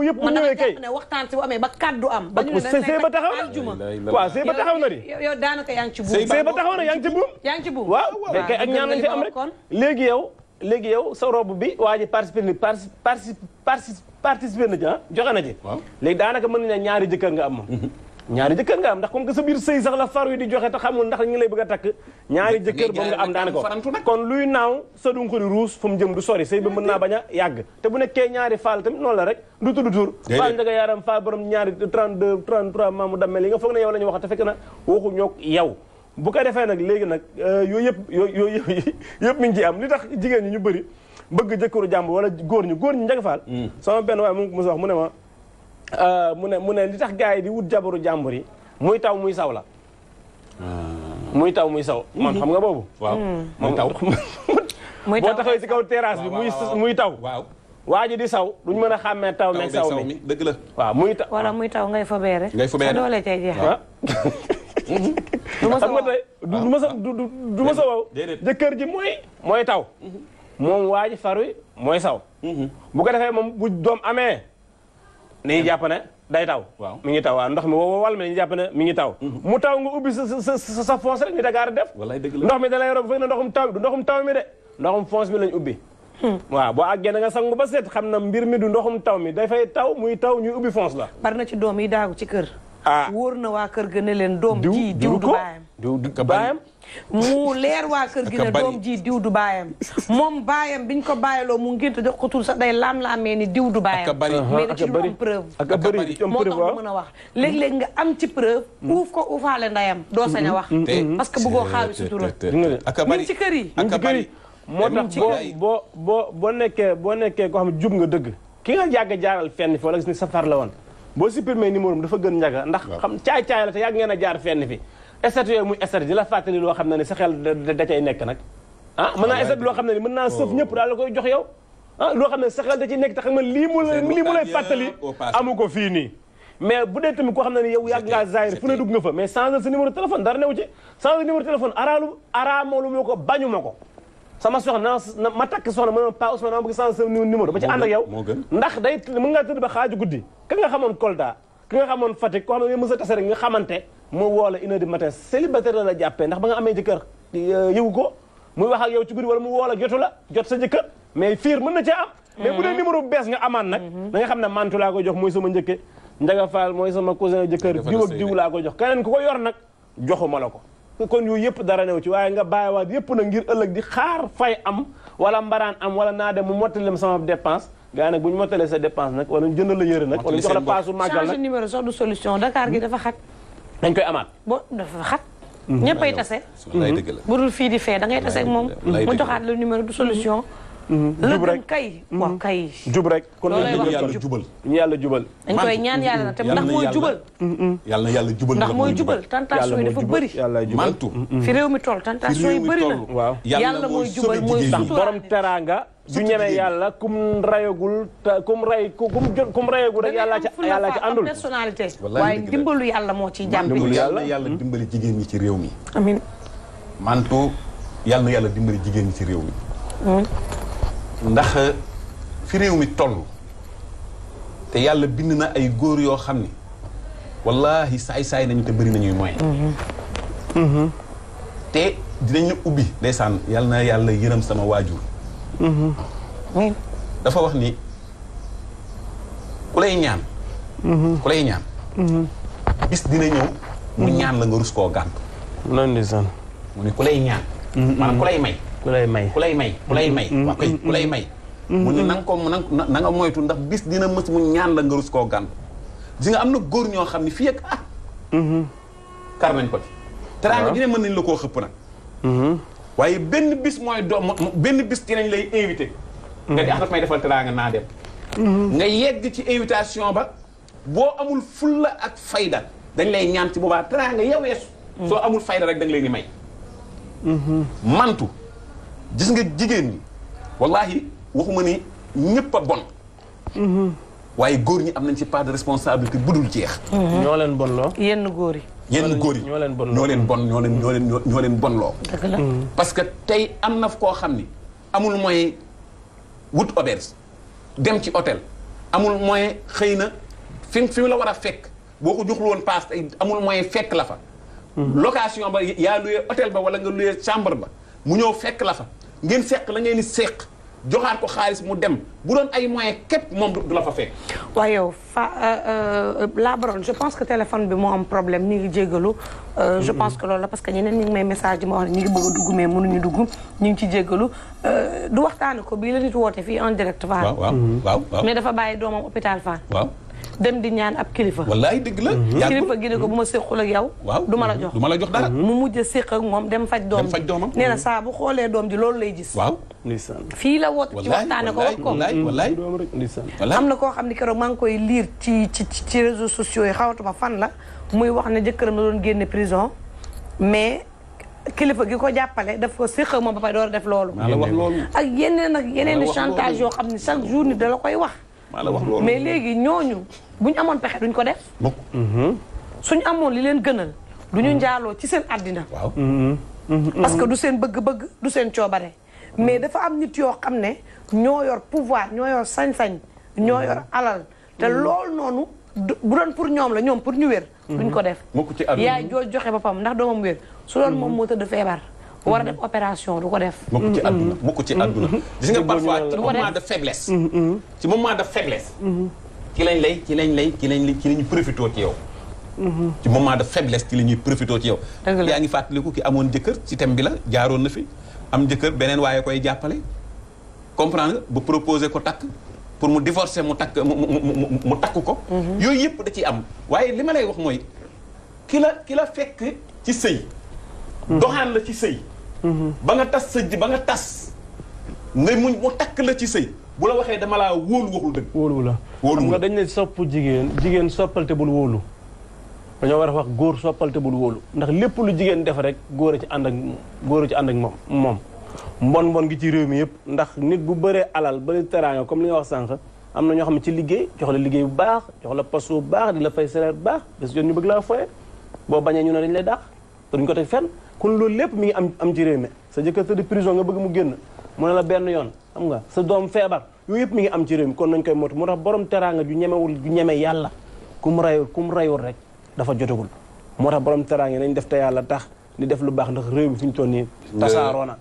S1: yëpp kay ne waxtaan si bu amee ba kaddu am ba ba taxaw na
S2: juma waaw ba taxaw na di
S1: yow daanaka yaa
S2: ngi buum sëy ba léegi yow sa rob bi waa ji participer na participer na ci ah joxe na ci. léegi daanaka mën nañu ñaari jëkkër nga am moom. ñaari jëkkër nga am ndax comme sa biir sëy sax la far yi di joxe te xamul ndax ñu lay bëgg a takk ñaari jëkkër ba nga am daanaka kon luy naaw sa dunku di ruus fu mu jëm du sori sëy ba mën naa bañ a yàgg te bu nekkee ñaari faal tamit noonu la rek du tudd tur faal njaga yaaram faal borom ñaari 32 33 maamu dammel yi nga foog ne yow la ñu wax te fekk na waxu bu ko defee nag léegi nag euh, yooyu yëpp yooyu yëpp mi ciy am li tax jigéen ñi ñu bëri bëgg jëkkëru jàmbur wala góor ñu góor ñu njëkk faal. Hmm. sama benn waaye mu ngi mu ne ma euh, mu ne mu ne li tax gars yi di wut jabaru jàmbur yi muy taw muy saw la. Ah. muy taw muy saw. xam nga boobu. waaw hmm. muy taw. muy taw boo taxawee si kaw terrasse bi muy muy taw. waaw waa ji di saw duñ mën a xàmmee taw meeg saw mi dëgg la. waaw muy taw wala
S1: muy taw ngay fobeere. ngay fobeere sa
S2: du ma sa xam nga tey du ma sa du ma sa waw jëkkër ji mooy mooy taw moom waa ji far wi mooy saw bu ko defee moom bu doom amee nañu jàpp ne day taw mi ngi taw waaw ndox mi woo wal mi jàpp ne mi ngi taw mhm. mu taw nga ubbi sa sa sa foos rek ni Dakar def ndox mi da lay rob fekk na ndoxum taw du ndoxum taw mi de ndoxum foos mi lañ ubbi hmm. waaw boo àggee na nga sangu ba seet xam na mbir mi du ndoxum taw mi dafay taw muy taw ñuy ubbi foos la bari na ci doom
S1: yi daagu ci kër ah wóor na waa kër ga ne leen doom ji diw du baayam
S2: diw du baayam
S1: mu leer waa kër gi ne doom ji diw du baayam moom baayam biñ ko bàyyiloo mu ngénte jox ko tur sax day laam-laamee ni diw du baayam mais na ci lu am moo tax mën a wax léeg-léeg nga am ci preuve uuf ko
S2: uufaale ndayam doo sañ a wax mm, mm, mm, parce que bëggoo xaawi sutura ñun ci kër yi ci kër yi moo tax boo boo boo nekkee boo nekkee koo xam ne jub nga dëgg ki nga jàgg jaaral fenn foo la gis ni safar la woon boo supprimer numéro am dafa gën njaga ndax xam caay-caay la te yàgg ngeen a jaar fenn fi estat yooyu muy estat di la fàttali loo xam ne ne sa xel nekk nag ah mën naa estat loo xam ne ni mën naa sëf oh. ñëpp daal la koy jox yow ah loo xam ne sa xel da ciy nekk te xam nga lii mu lay lii mu lay fàttali amu ko fii nii mais bu dee tamit koo xam ne ni yow yàgg ngaa zaayir fu ne dugg nga fa mais changer sa numéro téléphone dara newu ci changer numéro téléphone araalu araamalu ma ko bañu ma ko sama soxna ma takk soxna ma ne Pa Ousmane ma bëgg sens sa numéro dama ci ànd ak yow ndax day mën ngaa tëdd ba xaaju guddi ka nga xamoon Kolda ki nga xamoon Fatick ko xam ne nga mës a nga xamante moo woo la une heure matin célibataire la la ndax ba nga amee jëkkër euh, yëgu ko muy wax ak yow ci guddi wala mu woo la jotu la jot sa jëkkër mais fiir mën na ci am mais bu dee mm-hmm. numéro bu bees nga amaan nag mm-hmm. nga xam ne mantu laa koy jox mooy sama njëkke Njaga Fall mooy sama cousin jëkkër diw ak diw laa koy jox keneen ku ko yor nag joxuma la ko kon yooyu yëpp dara new ci waaye nga bàyyiwaat yëpp nag ngir ëllëg di xaar fay am wala mbaraan am wala naa dem mu mottalim sama dépense gaa yi bu ñu mottalee sa dépense nag wala ñu jënd la yére nag wala ñu jox la paasu màggal nag
S1: numéro sax du solution Dakar gi hmm. dafa xat dañ koy amaat bo dafa xat
S2: hmm. ñëppay tase hmm.
S1: budul fii di fee da ngay tase moom mu joxaat la numéro du solution
S2: Mm-hmm. jub rek
S1: kay mm-hmm. waaw kay.
S2: jub rek kon ñu yàlla jubal. ñu yàlla jubal. dañ koy ñaan yàlla na te ndax mooy jubal. Mm-hmm. yàlla na yàlla jubal ndax mooy jubal tentation yi dafa bëri. mantu fi réew mi toll tentation yi bëri na. waaw yàlla mooy jubal mooy ndax borom teraanga. du ñeme yàlla kum rayagul te kum ray kum jot kum rayagul rek yàlla ci yàlla ci àndul personnalité waaye dimbalu yàlla moo ci jàmbi yàlla yàlla dimbali jigéen ñi ci réew mi amin manto yàlla na yàlla dimbali jigéen ci réew mi ndax fi réew mi toll te yàlla bind na ay góor yoo xam ni wallaahi saay-saay nañu te bari nañuy moyen mm-hmm. te dinañ la ubbi ndeysaan yàlla na yàlla yërëm sama waajur mm-hmm. dafa wax ni ku lay ñaan mm-hmm. ku lay ñaan bis dina ñëw mu ñaan la nga rus koo gàntu loolu ndeysaan mu ni ku lay ñaan maanaam ku lay may ku lay may ku lay may ku lay may mm-hmm. lay may mm-hmm. mu ne na ko na na nga moytu ndax bis dina mës mu ñaan la nga rus koo gan di nga am na góor ñoo xam ne fii ak ah kar nañ mën nañ la koo xëpp nag waaye benn bis mooy doom benn bis dinañ lay invité nga di ah daf may defal teraanga naa dem nga yegg ci invitation ba boo amul fulla ak fayda dañ lay ñaan ci boobaa teraanga yow soo amul fayda rek da nga leen may mantu gis nga jigéen ñi wallaahi waxuma ni ñëpp a bon. Mhm. waaye góor ñi am nañ si part de responsabilité budul jeex. Mhm. ñoo leen bon loo. yenn góor yi. yenn góor yi ñoo leen bon ñoo leen bon ñoo leen ñoo leen ñoo leen bon loo. Mhm. parce que tey am na koo xam ni amul mooy wut auberge dem ci hôtel amul moyen xëy na fi fi la war a fekk boo ko joxul woon paas tey amul moyen fekk la fa. location ba yaa luye hôtel ba wala nga luye chambre ba mu ñëw fekk la fa. ngeen seq la ngeen di seq joxaat ko xaalis mu dem bu doon ay moyen képp moom du la fa fekk.
S1: waaw yow fa euh, euh, la baroon je pense que téléphone bi moo am problème ñu ngi jégalu. Euh, je pense que loolu la parce que ñeneen ñu ngi may message di ma wax ne ñu ngi a dugg mais mënuñu dugg ñu ngi ci jégalu du waxtaane ko bii la nit woote fii en direct. waaw mm-hmm.
S3: waaw waaw mais dafa
S1: bàyyi doomam hôpital Fann. dem di ñaan ab kilifa. wallaay dëgg la. Mm-hmm. kilifa gi ne ko bu ma séqul ak yow. waaw du la jox du ma la jox dara. Mm-hmm. mu mujj séq ak moom dem faj doom dem doomam nee na mm-hmm. saa bu xoolee doom ji loolu lay gis.
S2: waaw fii la woote ci waxtaane ko wax ko wallaay am
S1: na koo xam ne keroog maa ngi koy liir ci ci ci réseaux sociaux yi xawatuma fan la muy wax ne jëkkëram la doon génne prison mais kilifa gi ko jàppale daf ko séq ak moom ba pay door def loolu ak yeneen ak yeneen chantage yoo xam ne chaque jour ni da la koy wax
S2: maa la wax loolu mais léegi
S1: ñooñu bu ñu amoon pexe duñ ko def. Mhm. suñu amoon li leen gënal. du ñu mhm. njaaloo ci seen àddina. waaw.
S3: Mhm. parce que du
S1: seen bëgg-bëgg du seen coobare. mais dafa am nit yoo xam ne ñoo yor pouvoir ñoo yor sañ-sañ. ñoo yor alal te loolu noonu. bu doon pour ñoom la ñoom pour ñu wér. duñ ko def. yaay joo joxe boppam ndax doomam wér. su doon moom moo tëdd feebar. war a def opération du ko def. mukk ci àdduna
S2: mukk ci mm-hmm. àdduna. Mm-hmm. gis nga parfois mm-hmm. ci moment de faiblesse. ci moment de faiblesse. ci lañ lay ci lañ lay ci lañ lay ci lañu profité ci yow. ci de faiblesse ci la ñuy profité ci yow. yaa ngi fàttaliku ki amoon jëkkër ci thème bi la jaaroon na fi am jëkkër beneen waaye koy jàppale. comprendre nga bu proposé ko takk pour mu divorcer mu takk mu mu mu takk ko. yooyu yëpp da ciy am waaye li ma lay wax mooy ki la ki la fekk ci sëy. doxaan la ci sëy. ba nga tas sa ji ba nga tas ngay muñ mu takk la ci sëy bu la waxee dama laa wóolu waxul dëgg wóolu la xam nga dañ ne sopp jigéen jigéen soppalte bul wóolu dañoo war a wax góor soppalte bul wóolu ndax lépp lu jigéen def rek góor ci ànd ak góor ci ànd moom moom mbon mbon gi ci réew mi yëpp ndax nit bu baree alal bëri teraanga comme li nga wax sànq am na ñoo xam ne ci liggéey jox la liggéey bu baax jox la poste bu baax di la fay salaire bu baax bés yoon ñu bëgg laa foye boo bañee ñu ne dañ lay dàq te duñ fenn kon loolu lépp mi ngi am am ci réew mi sa jëkkër sa di prison nga bëgg mu génn mu ne la benn yoon xam nga sa doom feebar yooyu yëpp mi ngi am ci réew mi kon nañ koy motu moo tax borom teraanga ju ñemewul ju ñeme yàlla ku mu rayul ku mu rayul rek dafa jotagul moo tax borom teraanga nañ def te yàlla tax di def lu baax ndax réew mi fi ñu toll nii tasaaroo na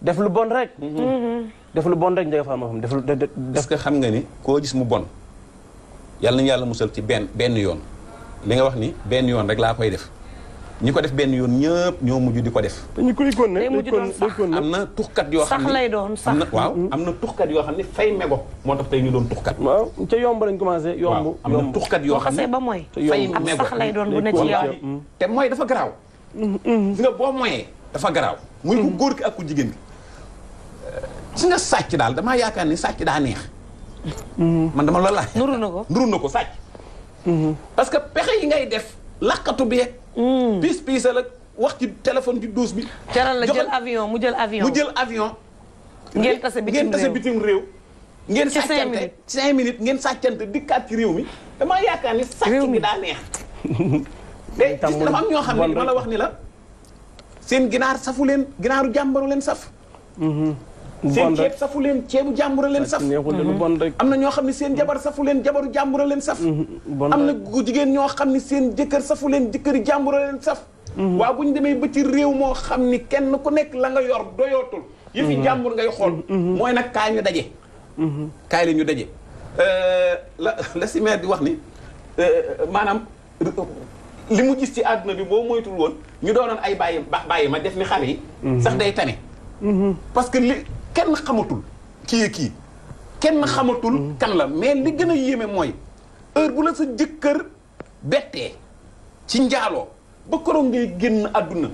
S2: def lu bon rek
S3: mm-hmm. Mm-hmm.
S2: def lu bon rek njëkk fa ma xam def lu est-ce que xam nga ni koo gis mu bon yàlla nañu yàlla musal ci benn benn yoon li nga wax ni benn yoon rek laa koy def ñi ko def benn yoon ñëpp ñoo mujj di ko def. dañu koy gonne day mujj am na tuxkat yoo xam ne sax lay doon sax. waaw mm-hmm. am na tuxkat yoo xam ne fay mego moo tax te ñu doon tuxkat. waaw ca yomb lañ commencé. yomb am na tuxkat yoo xam ne ba mooy. fay mego sax lay doon bu ne ci te mooy dafa garaaw. Mm-hmm. gis nga boo mooyee dafa garaaw. muy ku mm-hmm. góor ki ak ku jigéen ki. gis nga sàcc daal dama yaakaar ni sàcc daa neex. man dama la laaj. nuru na ko nuru na ko sàcc. parce que pexe yi ngay def lakkatu bi piis piisa la wax ci téléphone ci douze bi. jaral la jël avion mu jël avion mu jël avion. ngeen tase bitim réew ngeen tase bitim réew. ngeen sàccante cinq minutes ngeen sàccante dikkaat ci réew mi damaa yaakaar ni sàcc mi daa neex.
S3: day gis am ñoo xam ne
S2: ma wax ni la seen ginaar safu leen ginaaru jàmbaru leen saf. Mm-hmm. seen ceeb safu leen ceebu jàmbur leen saf mhm. am na ñoo xam ne seen jabar safu leen jabaru jàmbur leen saf mhm, am na jigéen ñoo xam ni seen jëkkër safu leen jëkkëri jàmbur leen saf mhm. waaw bu ñu demee ba ci réew moo xam ni kenn ku nekk la nga yor doyootul yëfi jàmbur ngay xool mooy nag kaa ñu daje kaay la ñu daje euh, la la si maire di wax ni euh, maanaam li mu gis ci àdduna bi boo moytul woon ñu doonoon ay bàyyi bàyyi ma def ni xale yi sax day tane parce li kenn xamatul kii kii kenn mm. xamatul mm. kan la mais li gën a yéeme mooy heure bu la sa jëkkër bettee ci njaaloo ba koroog ngay génn àdduna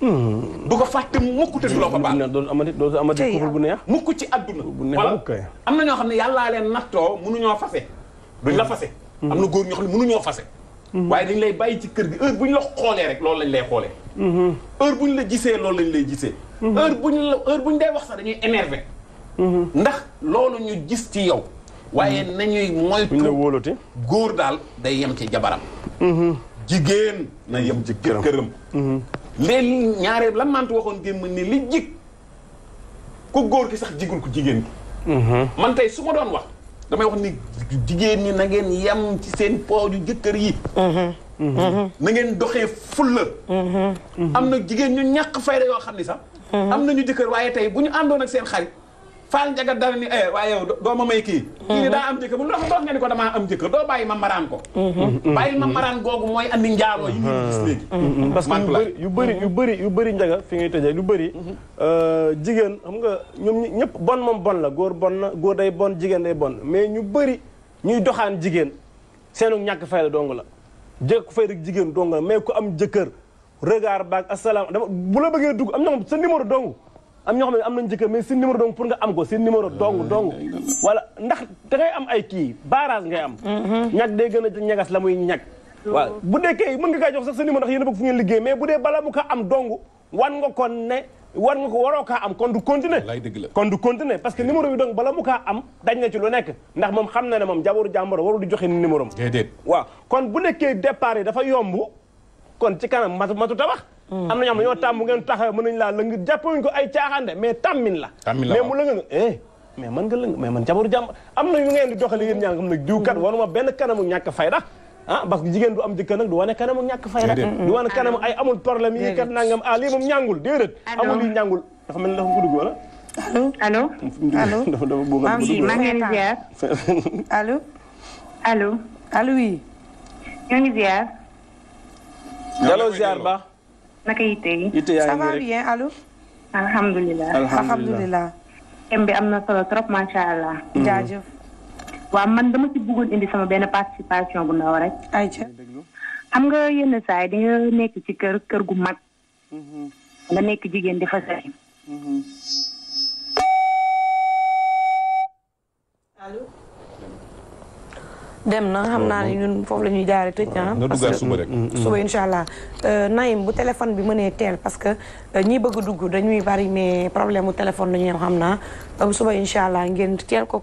S2: mm. du ko fàtte mukk te du la ko baal doon amati doon amati couple bu neex mukk ci àdduna wala am na ñoo xam ne yàllaa leen nattoo mënuñoo fase duñ la fase am na góor ñoo xam ne mënuñoo fase waaye dañ lay bàyyi ci kër gi heure bu ñu la xoolee rek loolu lañ lay xoolee mm-hmm. heure bu ñu la gisee loolu lañ lay gisee heure bu ñu la heure bu ñu dee wax sax dañuy énervé. ndax loolu ñu gis ci yow. waaye nañuy moytu. buñ la wóolati góor daal day yem ci jabaram. jigéen na yem ci këram. léegi ñaareel lan maantu waxoon démb ni li jig ku góor ki sax jigul ku jigéen ki. man tey su ma doon wax damay wax ni jigéen ñi na ngeen yem ci seen pooju jëkkër yi. Mhm. na ngeen doxee fulla mhm. am na jigéen ñu ñàkk fayda yoo xam ni sax. Mhm. am na ñu jëkkër waaye tey bu ñu àndoon ak seen xarit Fall Ndiaga dara ni eh, waaye doo ma may kii mhm. kii ni daa am jëkkër bu lu dafa dox nga ko damaa am jëkkër doo bàyyi ma maraan ko
S3: mhm. bàyyi ma maraan
S2: googu mooy andi njaaroo yi
S3: ñuy
S2: yu bëri yu bëri yu bëri Ndiaga fi ngay tëjee yu bëri euh, jigéen xam nga ñoom ñëpp bon moom bon la góor bon na góor day bon jigéen day bon mais ñu bëri ñuy doxaan jigéen seenu ñàkk fay la dong la jëkk fay rek jigéen dong la mais ku am jëkkër regard baag asalaam bu la bëggee dug am na sa numéro dong am ñoo xam am nañ jëkkër mais seen numéro dong pour nga am ko seen numéro dong dong wala ndax da ngay am ay kii barrage ngay am mm-hmm. ñag day gën a ñagas la muy ñag waaw bu dee kay mën nga kaa jox sax sa numéro ndax yéen a bëgg fu ngeen liggéey mais bu ko am dong ko ne war nga ko waroo kaa am kon du continuer kon du continuer parce que numéro bi donc bala mu kaa am dañ na ci nekk ndax moom xam na ne moom jabaru jàmboro waru di joxe numéro am déedéet waaw kon bu nekkee départ yi dafa yomb kon ci kanam matu matu tabax. Hmm. am na ñoo xam ne ñoo tàmm ngeen taxaw mën nañu laa lëng jàppewuñ ko ay caaxaan de mais tàmmin la. tàmmin mais mu lëng eh mais man nga lëng mais man jabaru jàmm am na ñu ngeen di doxalee yéen ñaa nga xam ne diw kat waruma benn kanamu ñàkk fayda ah parce que jigéen du am jëkkër nag du wane kanamu ñàkk fayda du wane kanamu ay amul problème yi kat nangam ah lii moom ñàngul déedéet amul yi ñàngul dafa mel ni dafa gudd wala allo allo allo maa ngi leen ziar allo allo
S1: allo oui ñoo ngi ziar Diallo ziar ba. naka yitte yi. yitte yaa alhamdulilah alhamdulilah. thème bi am na solo trop macha allah. Mm. jaajëf. waaw man dama ci bëggoon indi sama benn participation bu ndaw rek. ayca. xam nga yenn saa yi nekk ci kër kër gu
S5: mag. Mm-hmm. nga nekk jigéen di fa sëy.
S3: Mm-hmm.
S1: allo. dem na xam naa ne ñun foofu la ñuy jaare tëj ah. na parce que suba rek suba euh, bu téléphone bi mënee teel parce que euh, ñi bëgg dugg dañuy bari mais problème bu téléphone la ñuy xam naa euh, suba incha allah ngeen teel ko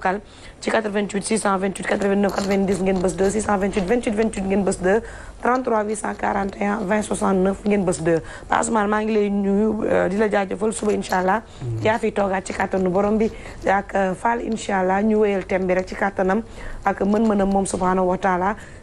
S1: ci 88 628 89 90 ngeen bës 2 628 28 28 ngeen bës 2 33 841 20 69 ngeen bës 2 Pa maa ngi lay ñu euh, di la jaajëfal suba incha allah. Mm-hmm. yaa fi toogaat ci kattanu borom bi ak euh, Fall incha allah ñu wéyal thème bi rek ci kattanam ak mën-mënam moom subhaanahu wa taala